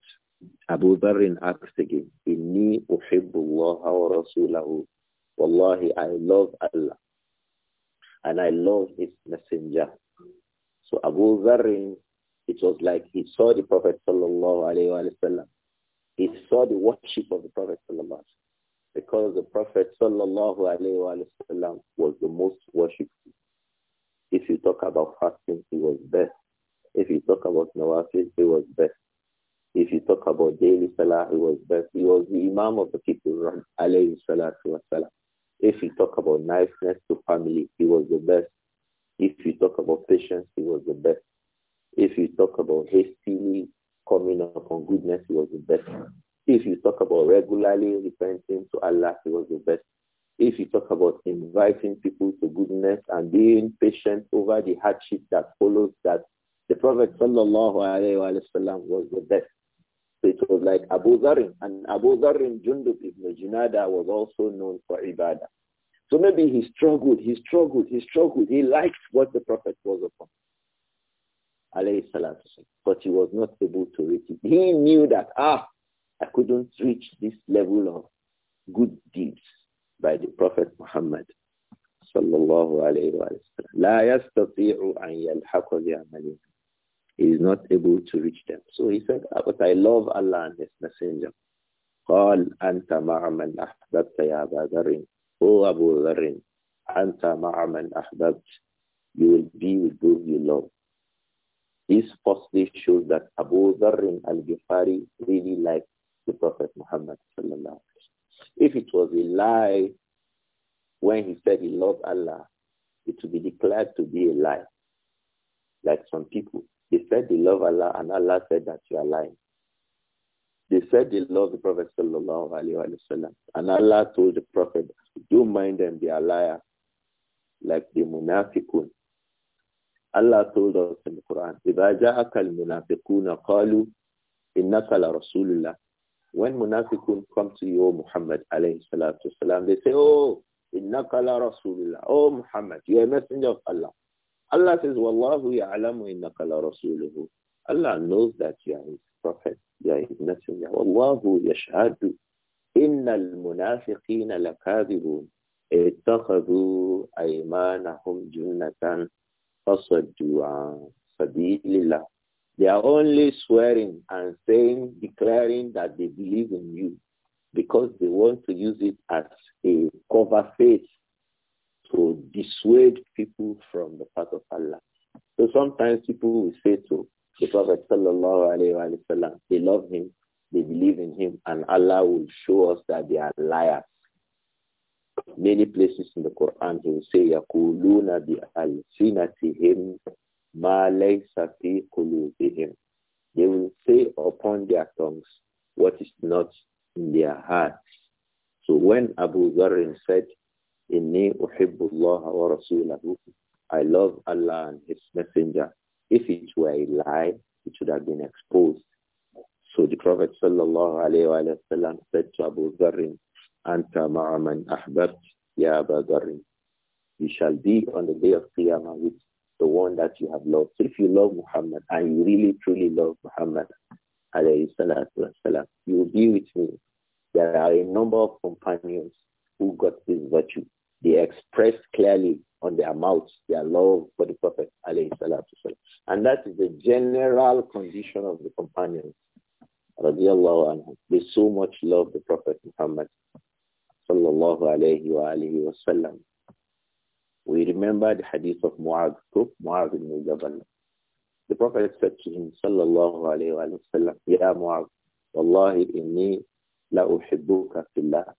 Abu Dharrin asked again, Inni uhibbu Allah wa rasulahu. Wallahi, I love Allah and I love his messenger. So Abu Dharr, it was like he saw the Prophet sallallahu alaihi wasallam. He saw the worship of the Prophet sallallahu because the Prophet sallallahu alaihi wasallam was the most worshipful. If you talk about fasting, he was best. If you talk about nawafil, he was best. If you talk about daily salah, he was best. He was the imam of the people, alayhi salatu wasalam. If you talk about niceness to family, he was the best. If you talk about patience, he was the best. If you talk about hastily coming upon goodness, he was the best. If you talk about regularly repenting to Allah, he was the best. If you talk about inviting people to goodness and being patient over the hardship that follows that, the Prophet sallallahu alaihi wasallam was the best. So it was like Abu Zarin. And Abu Zarin Jundub ibn Junada was also known for Ibadah. So maybe he struggled, he struggled, he struggled. He liked what the Prophet was upon. But he was not able to reach it. He knew that, ah, I couldn't reach this level of good deeds by the Prophet Muhammad. sallallahu الله عليه لا يستطيع أن يلحق بعمله he is not able to reach them. So he said, but I love Allah and His Messenger. قال أنت مع من أحببت يا أبا ذر أو أبو ذر أنت مع من أحببت You will be with those you love. This firstly shows that Abu Dharr al-Ghifari really liked the Prophet Muhammad sallallahu If it was a lie when he said he loved Allah, it would be declared to be a lie, like some people. They said they love Allah and Allah said that you are lying. They said they love the Prophet sallallahu alaihi wasallam and Allah told the Prophet, do mind them, they are liars, like the munafiqun. Allah told us in the Quran, إِذَا جَاءَكَ الْمُنَافِقُونَ قَالُوا إِنَّكَ لَرَسُولُ اللَّهِ When munafiqun come to you, Muhammad alayhi salatu they say, oh, إِنَّكَ لَرَسُولُ اللَّهِ Oh, Muhammad, you are a messenger of Allah. Allah says, Wallahu ya'alamu innaka la rasuluhu. Allah knows that you are his prophet, you are his messenger. Wallahu inna innal munafiqina lakadibun. اتخذوا أيمانهم جنة فصدوا عن سبيل الله They are only swearing and saying, declaring that they believe in you because they want to use it as a cover face to dissuade people from the path of Allah. So sometimes people will say to the Prophet sallallahu alaihi wasallam, they love him, they believe in him, and Allah will show us that they are liars. Many places in the Quran he will say, يَقُولُونَ بِأَلْسِنَتِهِمْ مَا لَيْسَ فِي قُلُوبِهِمْ They will say upon their tongues what is not in their hearts. So when Abu Dharin said, I love Allah and His Messenger. If it were a lie, it should have been exposed. So the Prophet sallallahu wa said to Abu Dharr, Anta ma'aman ahbabt ya Abu Dharr." You shall be on the day of Qiyamah with the one that you have loved. So if you love Muhammad and you really truly love Muhammad alayhi salatu wasalam, you will be with me. There are a number of companions who got this virtue. They expressed clearly on their mouths their love for the Prophet And that is the general condition of the companions. They so much love the Prophet Muhammad sallallahu alayhi wa We remember the hadith of Mu'adh, Mu'adh ibn Jabal. The Prophet said to him, sallallahu alayhi wa sallam, Ya Mu'adh, wallahi inni la uhibbuka fillah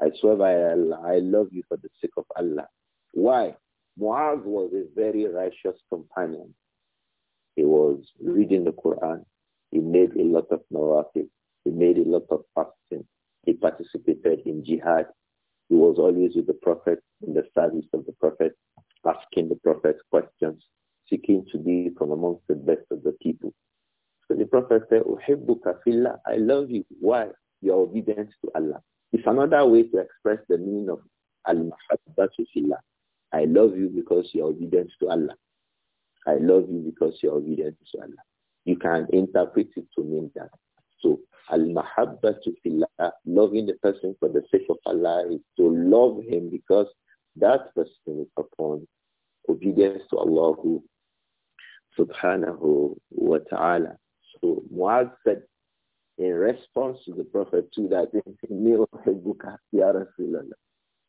I swear by Allah, I love you for the sake of Allah. Why? Muaz was a very righteous companion. He was reading the Quran. He made a lot of nawafil. He made a lot of fasting. He participated in jihad. He was always with the Prophet, in the service of the Prophet, asking the Prophet questions, seeking to be from amongst the best of the people. So the Prophet said, I love you. Why? You are obedient to Allah. It's another way to express the meaning of Al-Mahabbatu Fillah. I love you because you're obedient to Allah. I love you because you're obedient to Allah. You can interpret it to mean that. So Al-Mahabbatu Fillah, loving the person for the sake of Allah is to love him because that person is upon obedience to Allah subhanahu wa ta'ala. So Muaz said, in response to the Prophet to that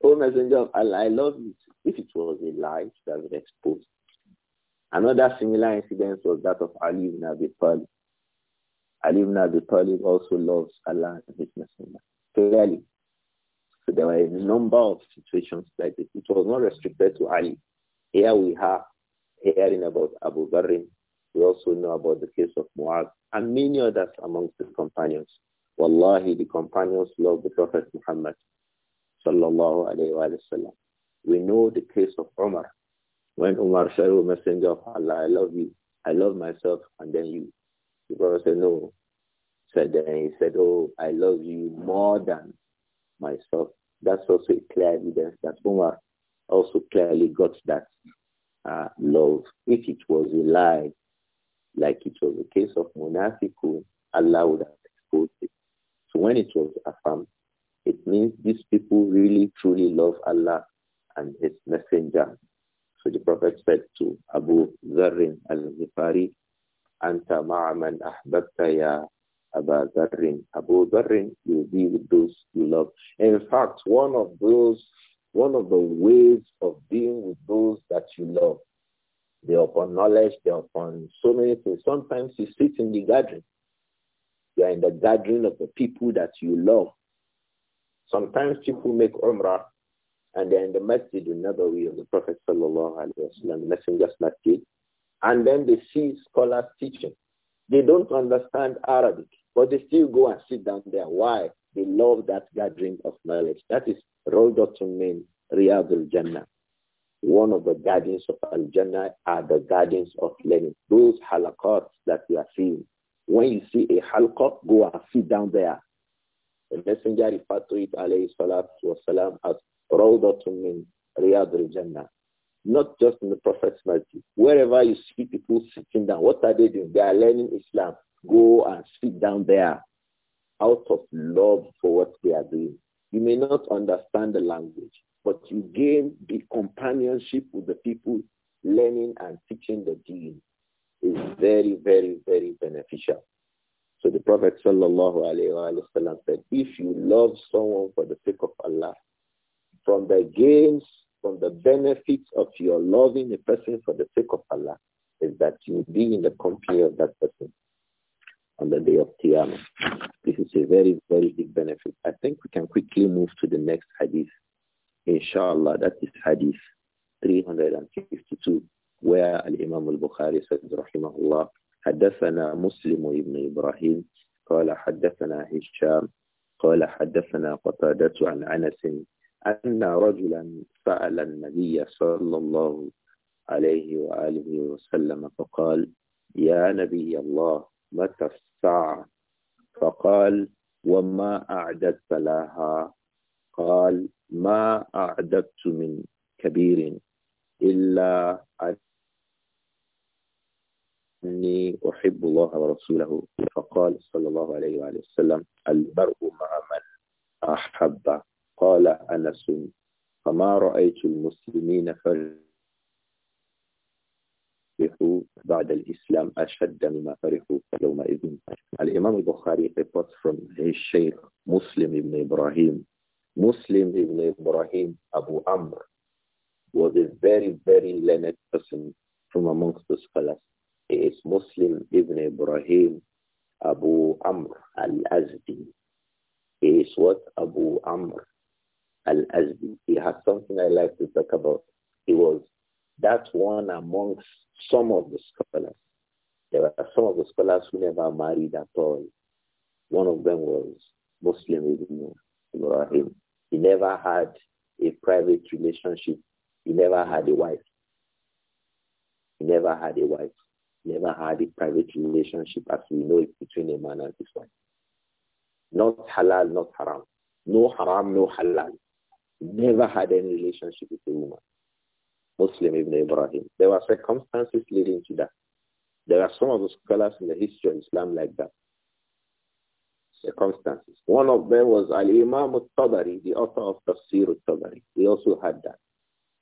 Oh Messenger of Allah, I love you. If it was a lie, it would have been exposed. Another similar incident was that of Ali ibn Abi Talib. Ali ibn Abi Talib also loves Allah and his Messenger. Clearly. So there were a number of situations like this. It was not restricted to Ali. Here we have hearing about Abu Dharin we also know about the case of Muaz and many others amongst the companions. Wallahi, the companions love the Prophet Muhammad sallallahu alayhi wa sallam. We know the case of Umar. When Umar said, O Messenger of Allah, I love you. I love myself and then you. The Prophet said, no. Said so then he said, oh, I love you more than myself. That's also a clear evidence that Umar also clearly got that uh, love. If it was a lie, like it was the case of monastic, Allah would have exposed it. So when it was affirmed, it means these people really truly love Allah and His Messenger. So the Prophet said to Abu Zarrin al-Ghifari, Anta ma'aman ahbabta ya Abu Zarrin. Abu Zarrin, you'll be with those you love. In fact, one of those, one of the ways of being with those that you love they're upon knowledge, they're upon so many things. Sometimes you sit in the gathering. You are in the gathering of the people that you love. Sometimes people make umrah and they are in the masjid another way of the Prophet sallallahu alaihi wasallam, messenger's masjid, and then they see scholars teaching. They don't understand Arabic, but they still go and sit down there. Why? They love that gathering of knowledge. That is Rawdatun min Riyadul Jannah one of the guardians of Al-Jannah are the guardians of learning. Those halakot that we are seeing. When you see a halakot, go and sit down there. The messenger referred to it, alayhi salatu wasalam, as rawdatun min riyad al-Jannah. Not just in the Prophet's masjid. Wherever you see people sitting down, what are they doing? They are learning Islam. Go and sit down there out of love for what they are doing. You may not understand the language but you gain the companionship with the people learning and teaching the deen is very, very, very beneficial. So the Prophet sallallahu alaihi wasallam said, if you love someone for the sake of Allah, from the gains, from the benefits of your loving a person for the sake of Allah, is that you be in the company of that person on the day of Qiyamah. This is a very, very big benefit. I think we can quickly move to the next hadith. Inshallah, that is Hadith 352, where Al-Imam al-Bukhari says, Rahimahullah, حدثنا مسلم ابن إبراهيم قال حدثنا هشام قال حدثنا قتادة عن أنس أن رجلا سأل النبي صلى الله عليه وآله وسلم فقال يا نبي الله متى الساعة فقال وما أعددت لها قال ما أعددت من كبير إلا أني أحب الله ورسوله فقال صلى الله عليه وآله وسلم المرء مع من أحب قال أنس فما رأيت المسلمين فرحوا بعد الإسلام أشد مما فرحوا يومئذ الإمام البخاري reports from his sheikh مسلم بن إبراهيم Muslim ibn Ibrahim Abu Amr was a very, very learned person from amongst the scholars. He is Muslim ibn Ibrahim Abu Amr al-Azdi. He is what? Abu Amr al-Azdi. He has something I like to talk about. He was that one amongst some of the scholars. There were some of the scholars who never married at all. One of them was Muslim Ibn Ibrahim he never had a private relationship. He never had a wife. He never had a wife. Never had a private relationship as we know it between a man and his wife. Not halal, not haram. No haram, no halal. Never had any relationship with a woman. Muslim Ibn Ibrahim. There were circumstances leading to that. There are some of the scholars in the history of Islam like that circumstances. One of them was Al-Imam tabari the author of Tafsir al-Tabari. They also had that.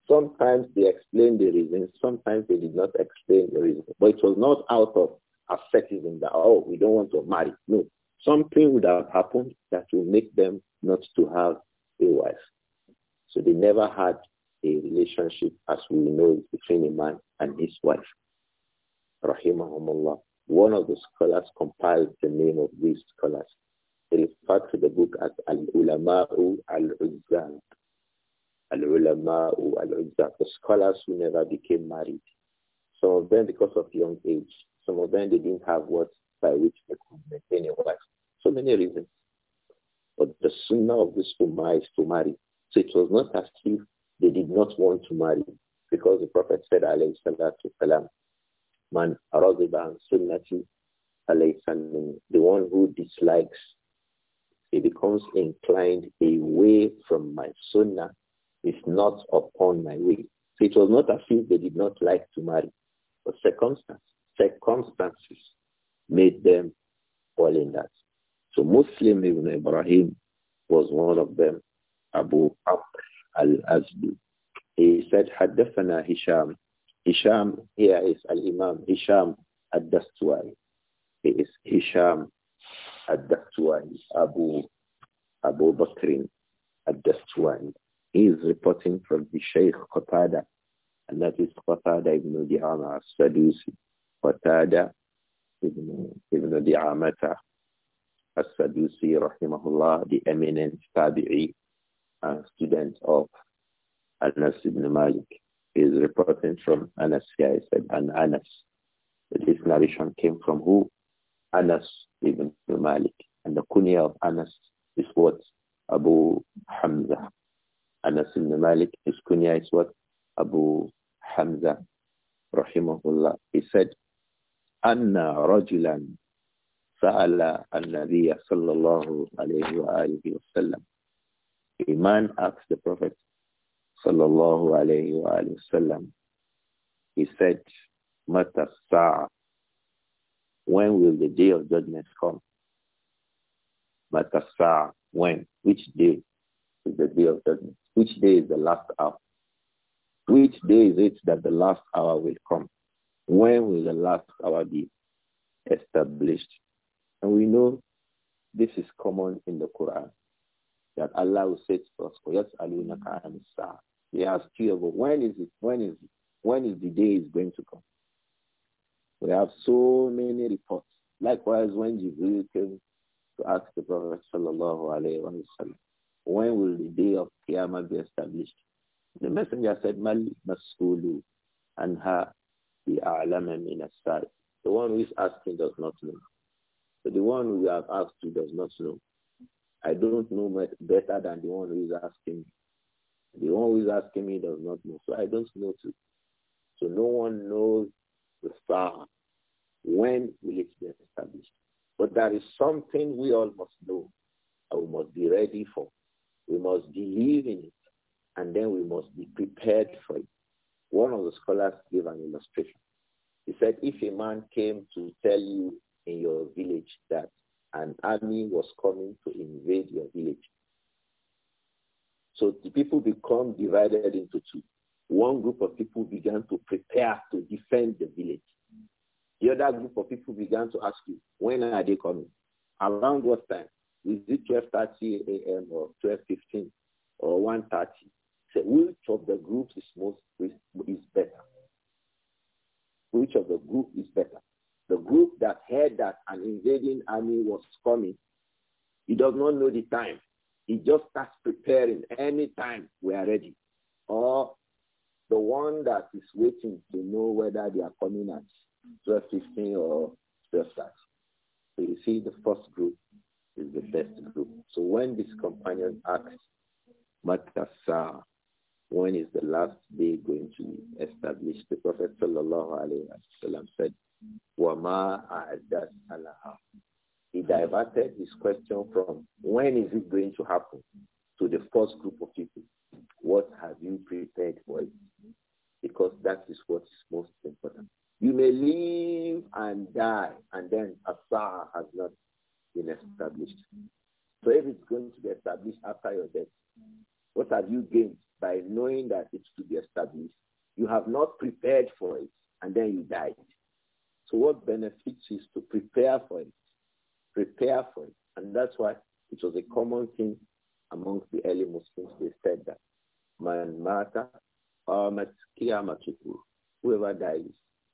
Sometimes they explained the reasons, sometimes they did not explain the reasons. But it was not out of asceticism that, oh, we don't want to marry. No. Something would have happened that will make them not to have a wife. So they never had a relationship as we know it between a man and his wife. Rahimahumullah. One of the scholars compiled the name of these scholars referred to the book as Al-Ulama'u Al-Uzzaq. Al-Ulama'u Al-Uzzaq, the scholars who never became married. Some of them because of young age. Some of them they didn't have what by which they could maintain a wife. So many reasons. But the sunnah of this Ummah is to marry. So it was not as if they did not want to marry because the Prophet said, alayhi salatu salam, man araziba sunnati alayhi salam, the one who dislikes he becomes inclined away from my sunnah is not upon my will. So it was not as if they did not like to marry, but circumstances, circumstances made them fall in that. So Muslim Ibn Ibrahim was one of them, Abu al-Azbi. He said, Haddathana Hisham. Hisham here is al-Imam Hisham al-Dastwai. He is Hisham al dastwani Abu, Abu Bakrin al dastwani He is reporting from the Sheikh Qatada, and that is Qatada ibn Di'ama al-Sadusi. Qatada ibn, ibn Di'amata al-Sadusi, rahimahullah, the eminent tabi'i and student of Anas ibn Malik. He is reporting from Anas here. He said, and Anas. This narration came from who? Anas ibn Malik. And the kunya of Anas is what? Abu Hamza. Anas ibn Malik, his kunya is what? Abu Hamza. Rahimahullah. He said, Anna rajulan sa'ala al-Nabiya sallallahu alayhi wa alihi wa sallam. A man asked the Prophet sallallahu alayhi wa sallam. He said, Mata sa'a when will the day of judgment come? Matasar, when? Which day is the day of judgment? Which day is the last hour? Which day is it that the last hour will come? When will the last hour be established? And we know this is common in the Quran that Allah will say to us, Yes, Alunaka They ask you when is it? When is it? When is the day is going to come? We have so many reports. Likewise, when Jibril came to ask the Prophet sallallahu alaihi wasallam, when will the day of Qiyamah be established? The messenger said, Mal maskulu anha alam min The one who is asking does not know. So the one who have asked you does not know. I don't know better than the one who is asking The one who is asking me does not know. So I don't know too. So no one knows the star when will it be established? But there is something we all must know and we must be ready for. We must believe in it and then we must be prepared for it. One of the scholars gave an illustration. He said, if a man came to tell you in your village that an army was coming to invade your village, so the people become divided into two. One group of people began to prepare to defend the village. The other group of people began to ask you, when are they coming? Around what time? Is it 12.30 a.m. or 12.15 or 1.30? So which of the groups is, most, is, is better? Which of the group is better? The group that heard that an invading army was coming, he does not know the time. He just starts preparing. Any time we are ready. Or the one that is waiting to know whether they are coming at 12.15 or 12.30. So you see the first group is the best group. So when this companion asks, Matasa, when is the last day going to be established? The Prophet sallallahu said, Wama He diverted his question from when is it going to happen to the first group of people. What have you prepared for it? Because that is what is most important. You may live and die, and then Asar has not been established. So if it's going to be established after your death, what have you gained by knowing that it's to be established? You have not prepared for it, and then you died. So what benefits is to prepare for it, prepare for it. And that's why it was a common thing amongst the early Muslims. They said that, man mata, whoever dies,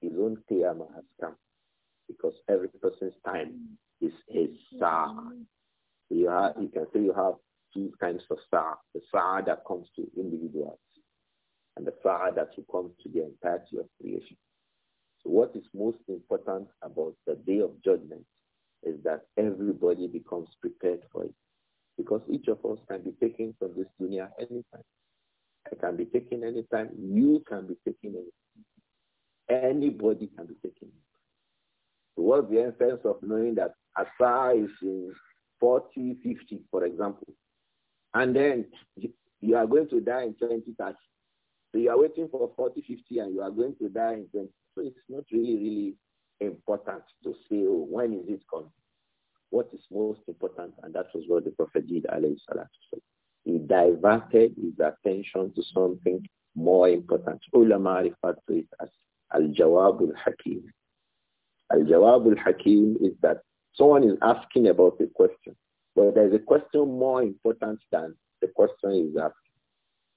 his own time has come because every person's time is his star. you, have, you can see you have two kinds of star: The star that comes to individuals and the star that will come to the entirety of creation. So what is most important about the day of judgment is that everybody becomes prepared for it. Because each of us can be taken from this dunya anytime. I can be taken anytime. You can be taken anytime. Anybody can be taken. what's the essence of knowing that Asa is in 40, 50, for example, and then you are going to die in twenty thirty? So you are waiting for 40, 50, and you are going to die in 20. So it's not really, really important to say, oh, when is it coming? What is most important? And that was what the prophet did, alayhi salatu He diverted his attention to something more important. Ulama referred to it as Al-Jawab al-Hakim. Al-Jawab al-Hakim is that someone is asking about a question, but there is a question more important than the question is asking.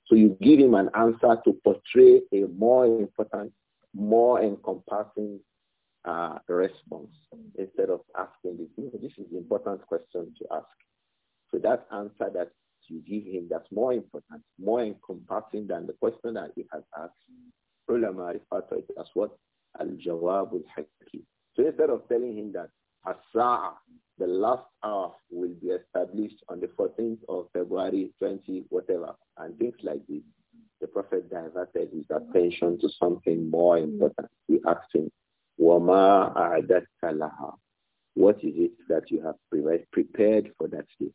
So you give him an answer to portray a more important, more encompassing uh, response instead of asking this. this is the important question to ask. So that answer that you give him that's more important, more encompassing than the question that he has asked Ulama refer to it as what? Al-Jawab al-Hakim. So instead of telling him that as the last hour will be established on the 14th of February 20, whatever, and things like this, the Prophet diverted his attention to something more important. He asked him, What is it that you have prepared for that day?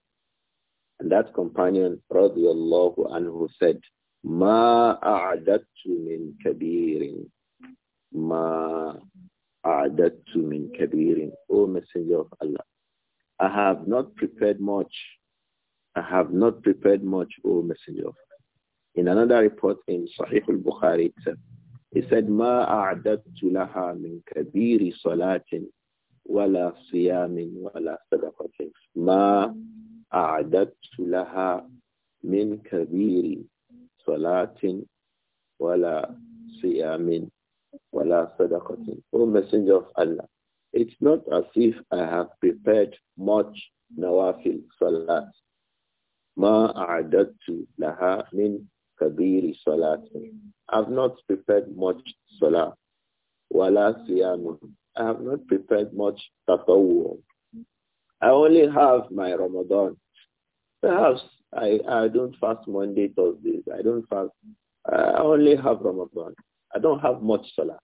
And that companion, radiallahu anhu, said, ما أعددت من كبير ما أعددت من كبير O Messenger of Allah I have not prepared much I have not prepared much O Messenger of Allah In another report in Sahih al-Bukhari He said ما أعددت لها من كبير صلاة ولا صيام ولا صدقة ما أعددت لها من كبير salatin wala siyamin wala sadaqatin. O Messenger of Allah, it's not as if I have prepared much nawafil salat. Ma a'adattu laha min kabiri salatin. I've not prepared much salat, Wala siyamun. I have not prepared much tatawwu. I only have my Ramadan. Perhaps I, I don't fast Monday, Thursdays. I don't fast. I only have Ramadan. I don't have much Salah.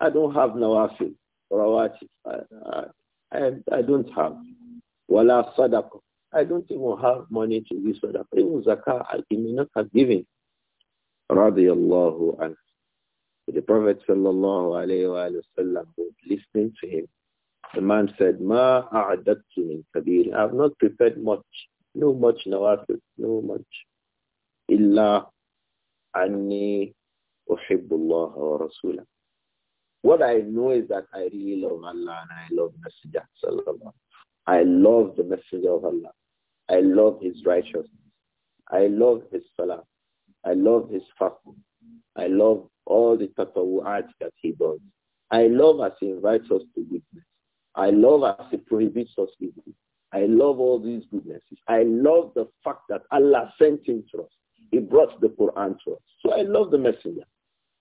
I don't have Nawafil or Awati. I, I, I don't have. Wala Sadaqah. I don't even have money to give Sadaqah. Even Zakah, I may not have given. Radiallahu anhu. The Prophet sallallahu alayhi wa sallam was listening to him. The man said, Ma a'adattu min kabir. I have not prepared much no much nawafil, no much. Illa anni uhibbullah wa rasulah. What I know is that I really love Allah and I love Messenger sallallahu I love the Messenger of Allah. I love his righteousness. I love his salah. I love his fasting. I love all the tatawu'at that he does. I love as he invites us to witness. I love as he prohibits us to witness. I love all these goodnesses. I love the fact that Allah sent him to us. He brought the Quran to us. So I love the messenger.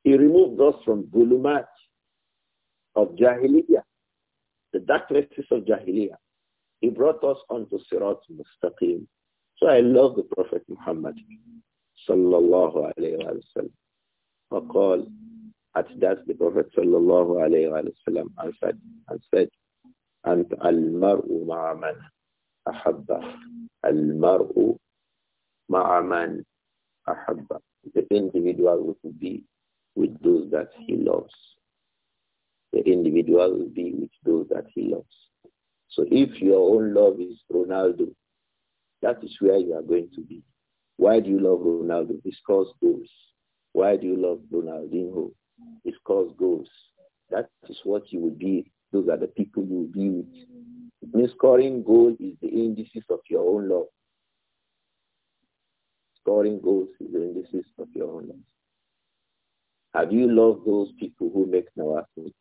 He removed us from gulumat of Jahiliyyah, the darknesses of Jahiliyyah. He brought us onto Sirat Mustaqim. So I love the Prophet Muhammad sallallahu alayhi wa sallam. وقال, at that the Prophet sallallahu alayhi wa sallam answered and said, أنت المرء مع من أحبه المرء مع من أحبه The individual will be with those that he loves. The individual will be with those that he loves. So if your own love is Ronaldo, that is where you are going to be. Why do you love Ronaldo? It's cause goals. Why do you love Ronaldinho? It's cause goals. That is what you will be. Those are the people you will be with. The scoring goal is the indices of your own love. Scoring goals is the indices of your own love. Have you loved those people who make nawafi?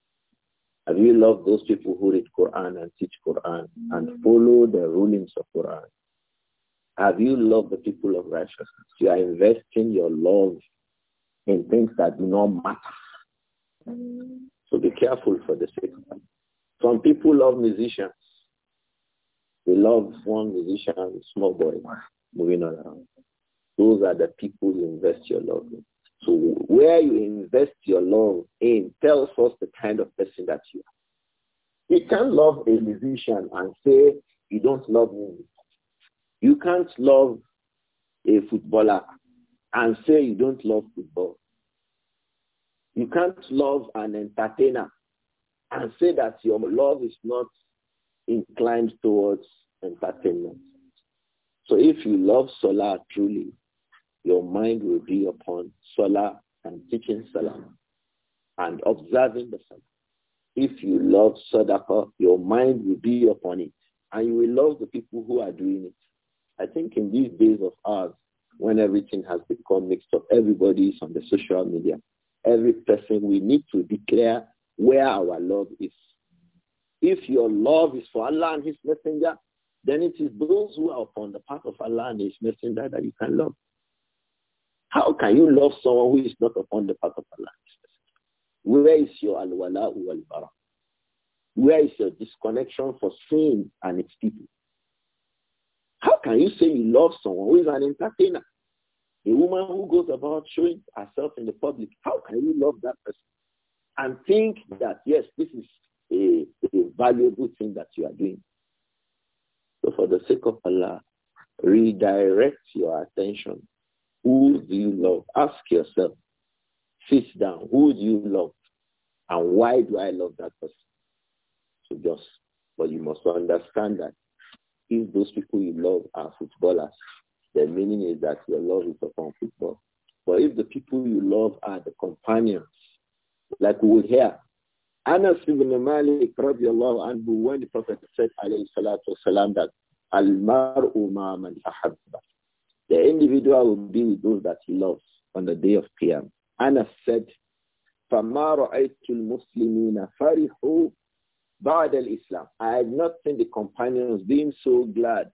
Have you loved those people who read Quran and teach Quran and mm. follow the rulings of Quran? Have you loved the people of righteousness? You are investing your love in things that do not matter. Mm. So be careful for the sake of them. Some people love musicians. We love one musician, small boy. Moving Around. Those are the people you invest your love in. So where you invest your love in tells us the kind of person that you are. You can't love a musician and say you don't love music. You can't love a footballer and say you don't love football. You can't love an entertainer and say that your love is not inclined towards entertainment. So if you love Salah truly, your mind will be upon Salah and teaching Salah and observing the Salah. If you love Sadaqah, your mind will be upon it and you will love the people who are doing it. I think in these days of ours, when everything has become mixed up, everybody is on the social media. Every person, we need to declare where our love is if your love is for Allah and His Messenger, then it is those who are upon the path of Allah and His Messenger that you can love. How can you love someone who is not upon the path of Allah? Where is your al-wala wal-bara? Where is your disconnection for sin and its people? How can you say you love someone who is an entertainer? A woman who goes about showing herself in the public, how can you love that person? And think that, yes, this is a, a valuable thing that you are doing. So for the sake of Allah, redirect your attention. Who do you love? Ask yourself. Sit down. Who do you love? And why do I love that person? So just, but you must understand that if those people you love are footballers, the meaning is that your love is upon football. But if the people you love are the companions, like we would hear, Anas ibn Malik radiallahu anhu, when the Prophet said alayhi salatu wasalam that Al-mar'u ma ahabba. The individual will be with those that he loves on the day of Qiyam. Anas said, فَمَا رَأَيْتُ الْمُسْلِمِينَ فَرِحُوا بَعْدَ الْإِسْلَامِ I have not seen the companions being so glad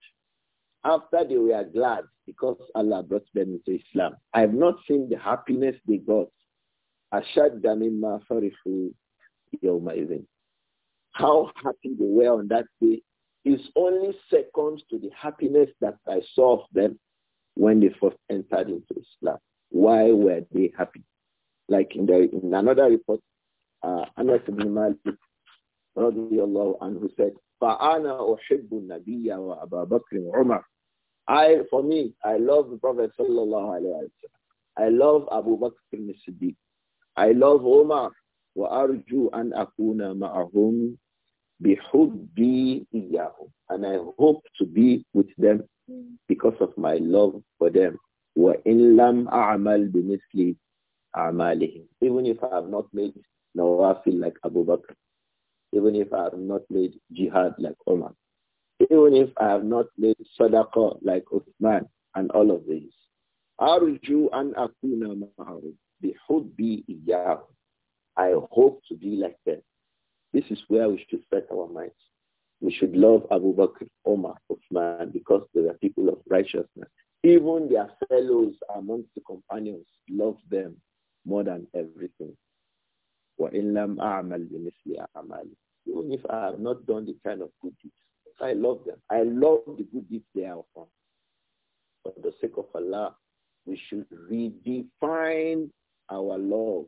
after they were glad because Allah brought them into Islam. I have not seen the happiness they got. أَشَدَّ مِمَّا فَرِحُوا amazing. How happy they were on that day is only second to the happiness that I saw of them when they first entered into Islam. Why were they happy? Like in, the, in another report, uh, Anas ibn Malik radiallahu who said, فَأَنَا أُحِبُّ النَّبِيَّ وَأَبَا بَكْرٍ عمر." I, for me, I love the Prophet sallallahu alayhi wa I love Abu Bakr al-Siddiq. I love Omar. وأرجو أن أكون معهم بحبي إياهم and I hope to be with them because of my love for them وإن لم أعمل بمثل أعمالهم even if I have not made nawafil like Abu Bakr even if I have not made jihad like Omar even if I have not made sadaqah like Uthman and all of these أرجو أن أكون معهم بحبي إياهم I hope to be like them. This is where we should set our minds. We should love Abu Bakr, Omar, Uthman because they are people of righteousness. Even their fellows amongst the companions love them more than everything. Even if I have not done the kind of good deeds, I love them. I love the good deeds they are upon. For the sake of Allah, we should redefine our love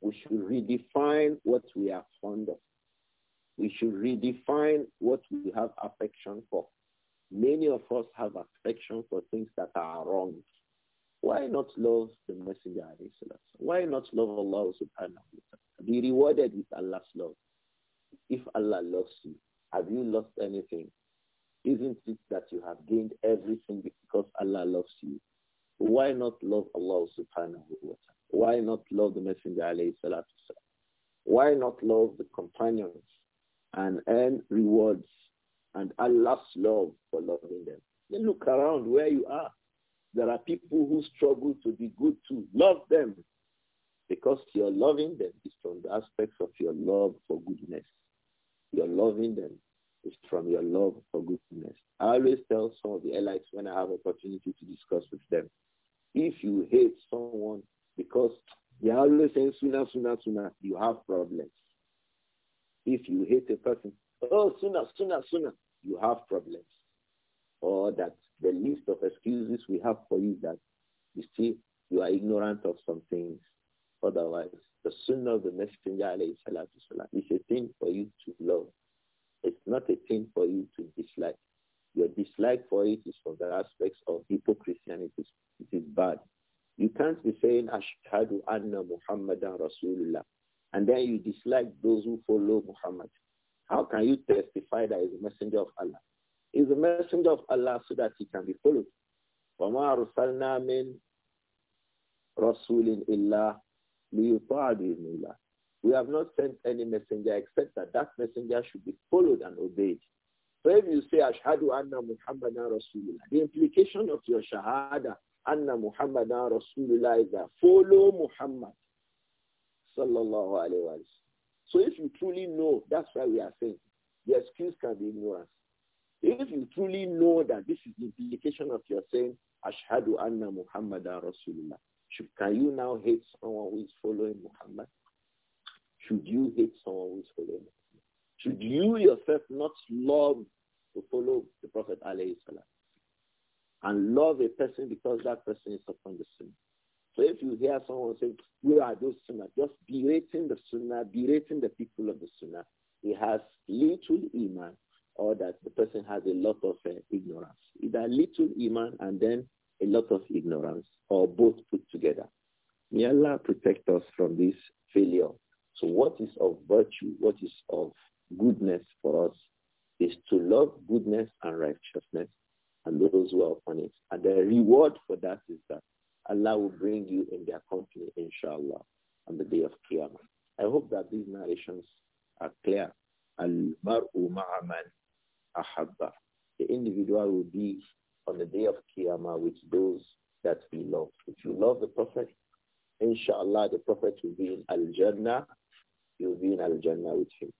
we should redefine what we are fond of. We should redefine what we have affection for. Many of us have affection for things that are wrong. Why not love the Messenger? Why not love Allah subhanahu wa ta'ala? Be rewarded with Allah's love. If Allah loves you, have you lost anything? Isn't it that you have gained everything because Allah loves you? Why not love Allah subhanahu wa ta'ala? Why not love the Messenger alayhi salatu Why not love the companions and earn rewards and Allah's love for loving them? Then look around where you are. There are people who struggle to be good to love them because your loving them is from the aspects of your love for goodness. Your loving them is from your love for goodness. I always tell some of the allies when I have opportunity to discuss with them, if you hate someone because they are always saying sooner, sooner, sooner, you have problems. If you hate a person, oh, sooner, sooner, sooner, you have problems. Or that the list of excuses we have for you that you see you are ignorant of some things. Otherwise, the sunnah of the messenger salam, is a thing for you to love. It's not a thing for you to dislike. Your dislike for it is from the aspects of hypocrisy and it is, it is bad. You can't be saying Ashhadu Anna Muhammadan Rasulullah and then you dislike those who follow Muhammad. How can you testify that he's a messenger of Allah? He's a messenger of Allah so that he can be followed. وَمَا أَرْسَلْنَا مِنْ رَسُولٍ إِلَّا We have not sent any messenger except that that messenger should be followed and obeyed. So if you say, Ashhadu Anna Muhammadan Rasulullah, the implication of your Shahada Anna Muhammadan Rasulullah is that follow Muhammad. Sallallahu alaihi wa So if you truly know, that's why we are saying the excuse can be ignorance. If you truly know that this is the implication of your saying, Ashhadu Anna Muhammadan Rasulullah, should, can you now hate someone who is following Muhammad? Should you hate someone who is following Muhammad? Should you yourself not love to follow the Prophet alayhi salam? and love a person because that person is upon the sin. So if you hear someone saying, where are those sinners?" Just berating the sunnah, berating the people of the sunnah. He has little iman or that the person has a lot of uh, ignorance. Either little iman and then a lot of ignorance or both put together. May Allah protect us from this failure. So what is of virtue, what is of goodness for us is to love goodness and righteousness and those who are upon it. And the reward for that is that Allah will bring you in their company, inshallah, on the day of Qiyamah. I hope that these narrations are clear. Al-mar'u ma'aman ahabba. The individual will be on the day of Qiyamah with those that we love. If you love the Prophet, inshallah, the Prophet will be in Al-Jannah. You'll be in Al-Jannah with him.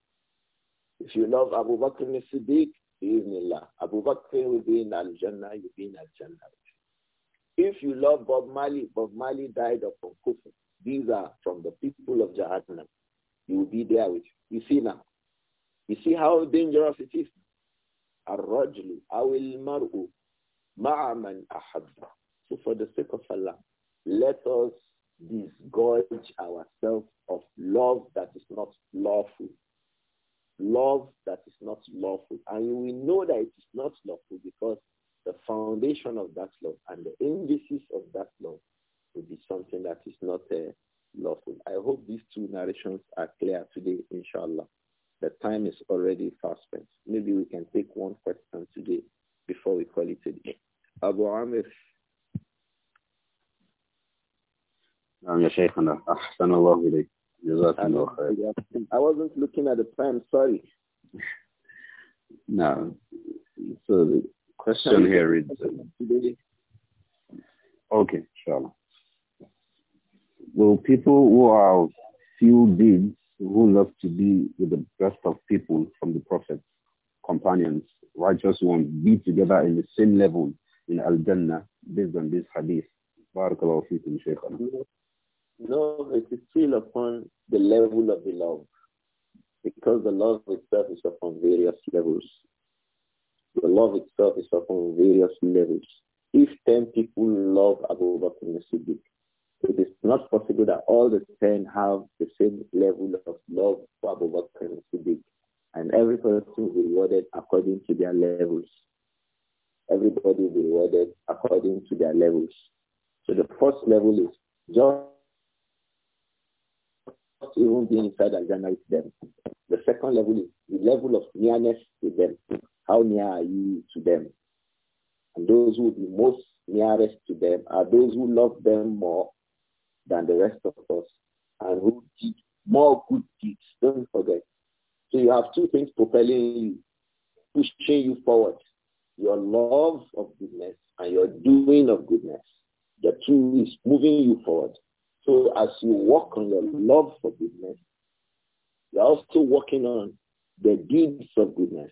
If you love Abu Bakr as-Siddiq, Bismillah. Abu Bakr will be in Al-Jannah, you'll be in Al-Jannah. If you love Bob Marley, Bob Marley died upon Kufr. These are from the people of Jahannam. You will be there with you. You see now. You see how dangerous it is. الرجل أو المرء مع من أحب. So for the sake of Allah, let us disgorge ourselves of love that is not lawful love that is not lawful. And we know that it is not lawful because the foundation of that love and the indices of that love will be something that is not uh, lawful. I hope these two narrations are clear today, inshallah. The time is already fast spent. Maybe we can take one question today before we call it a day. Abu Amir. نعم يا شيخنا أحسن الله إليك I wasn't looking at the time, sorry. No. So the question here is... Okay, sure. Will people who are few deeds, who love to be with the best of people from the prophets, companions, righteous ones, be together in the same level in Al-Jannah based on this hadith? بارك الله فيكم Shaykh. No, it is still upon the level of the love. Because the love itself is upon various levels. The love itself is upon various levels. If 10 people love Abu Bakr Siddiq, it is not possible that all the 10 have the same level of love for Abu Bakr Siddiq. And every person will be rewarded according to their levels. Everybody will be rewarded according to their levels. So the first level is just even being inside Al-Jannah with them. The second level is the level of nearness to them. How near are you to them? And those who will be most nearest to them are those who love them more than the rest of us and who did more good deeds. Don't forget. So you have two things propelling you, pushing you forward. Your love of goodness and your doing of goodness. The two is moving you forward. So as you work on your love for goodness, you're also working on the deeds of goodness.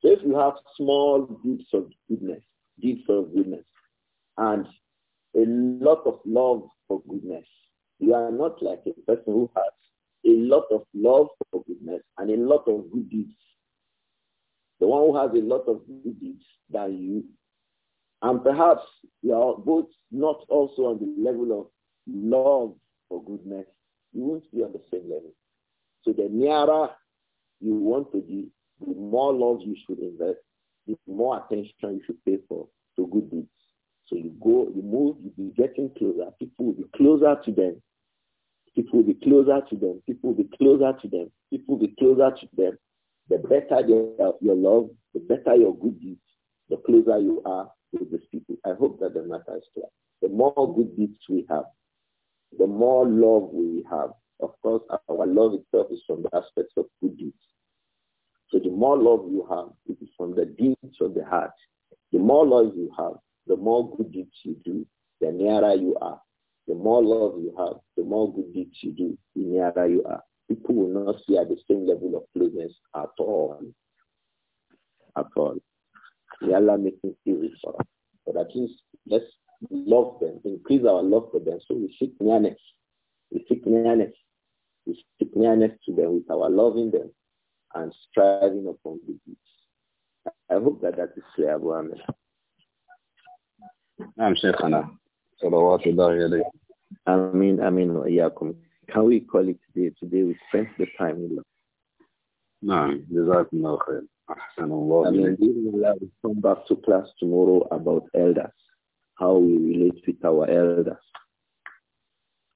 So if you have small deeds of goodness, deeds of goodness, and a lot of love for goodness, you are not like a person who has a lot of love for goodness and a lot of good deeds. The one who has a lot of good deeds than you, and perhaps you are both not also on the level of love for goodness, you won't be on the same level. So the nearer you want to be, the more love you should invest, the more attention you should pay for to good deeds. So you go, you move, you'll be getting closer. People will be closer to them. People will be closer to them. People will be closer to them. People will be closer to them. The better your, your love, the better your good deeds, the closer you are with these people. I hope that the matter is clear. The more good deeds we have, the more love we have. Of course, our love itself is from the aspects of good deeds. So the more love you have, it is from the deeds of the heart. The more love you have, the more good deeds you do, the nearer you are. The more love you have, the more good deeds you do, the nearer you are. People will not see at the same level of closeness at all. At all. May Allah make me feel it for us. But at least let's love them, increase our love for them. So we seek nearness. We seek nearness. We seek nearness to them with our loving them and striving upon the deeds. I hope that that is clear, Abu Amir. I'm Sheikhana. Salawatullahi Amin, Amin wa yakum. Can we call it today? Today we spent the time. No, jazakumullah No, I mean, We will uh, come back to class tomorrow about elders how we relate with our elders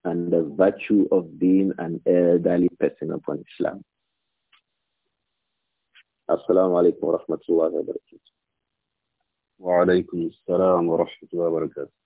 and the virtue of being an elderly person upon Islam. Assalamu alaikum wa rahmatullahi wa barakatuh. Wa وعليكم wa rahmatullahi wa barakatuh.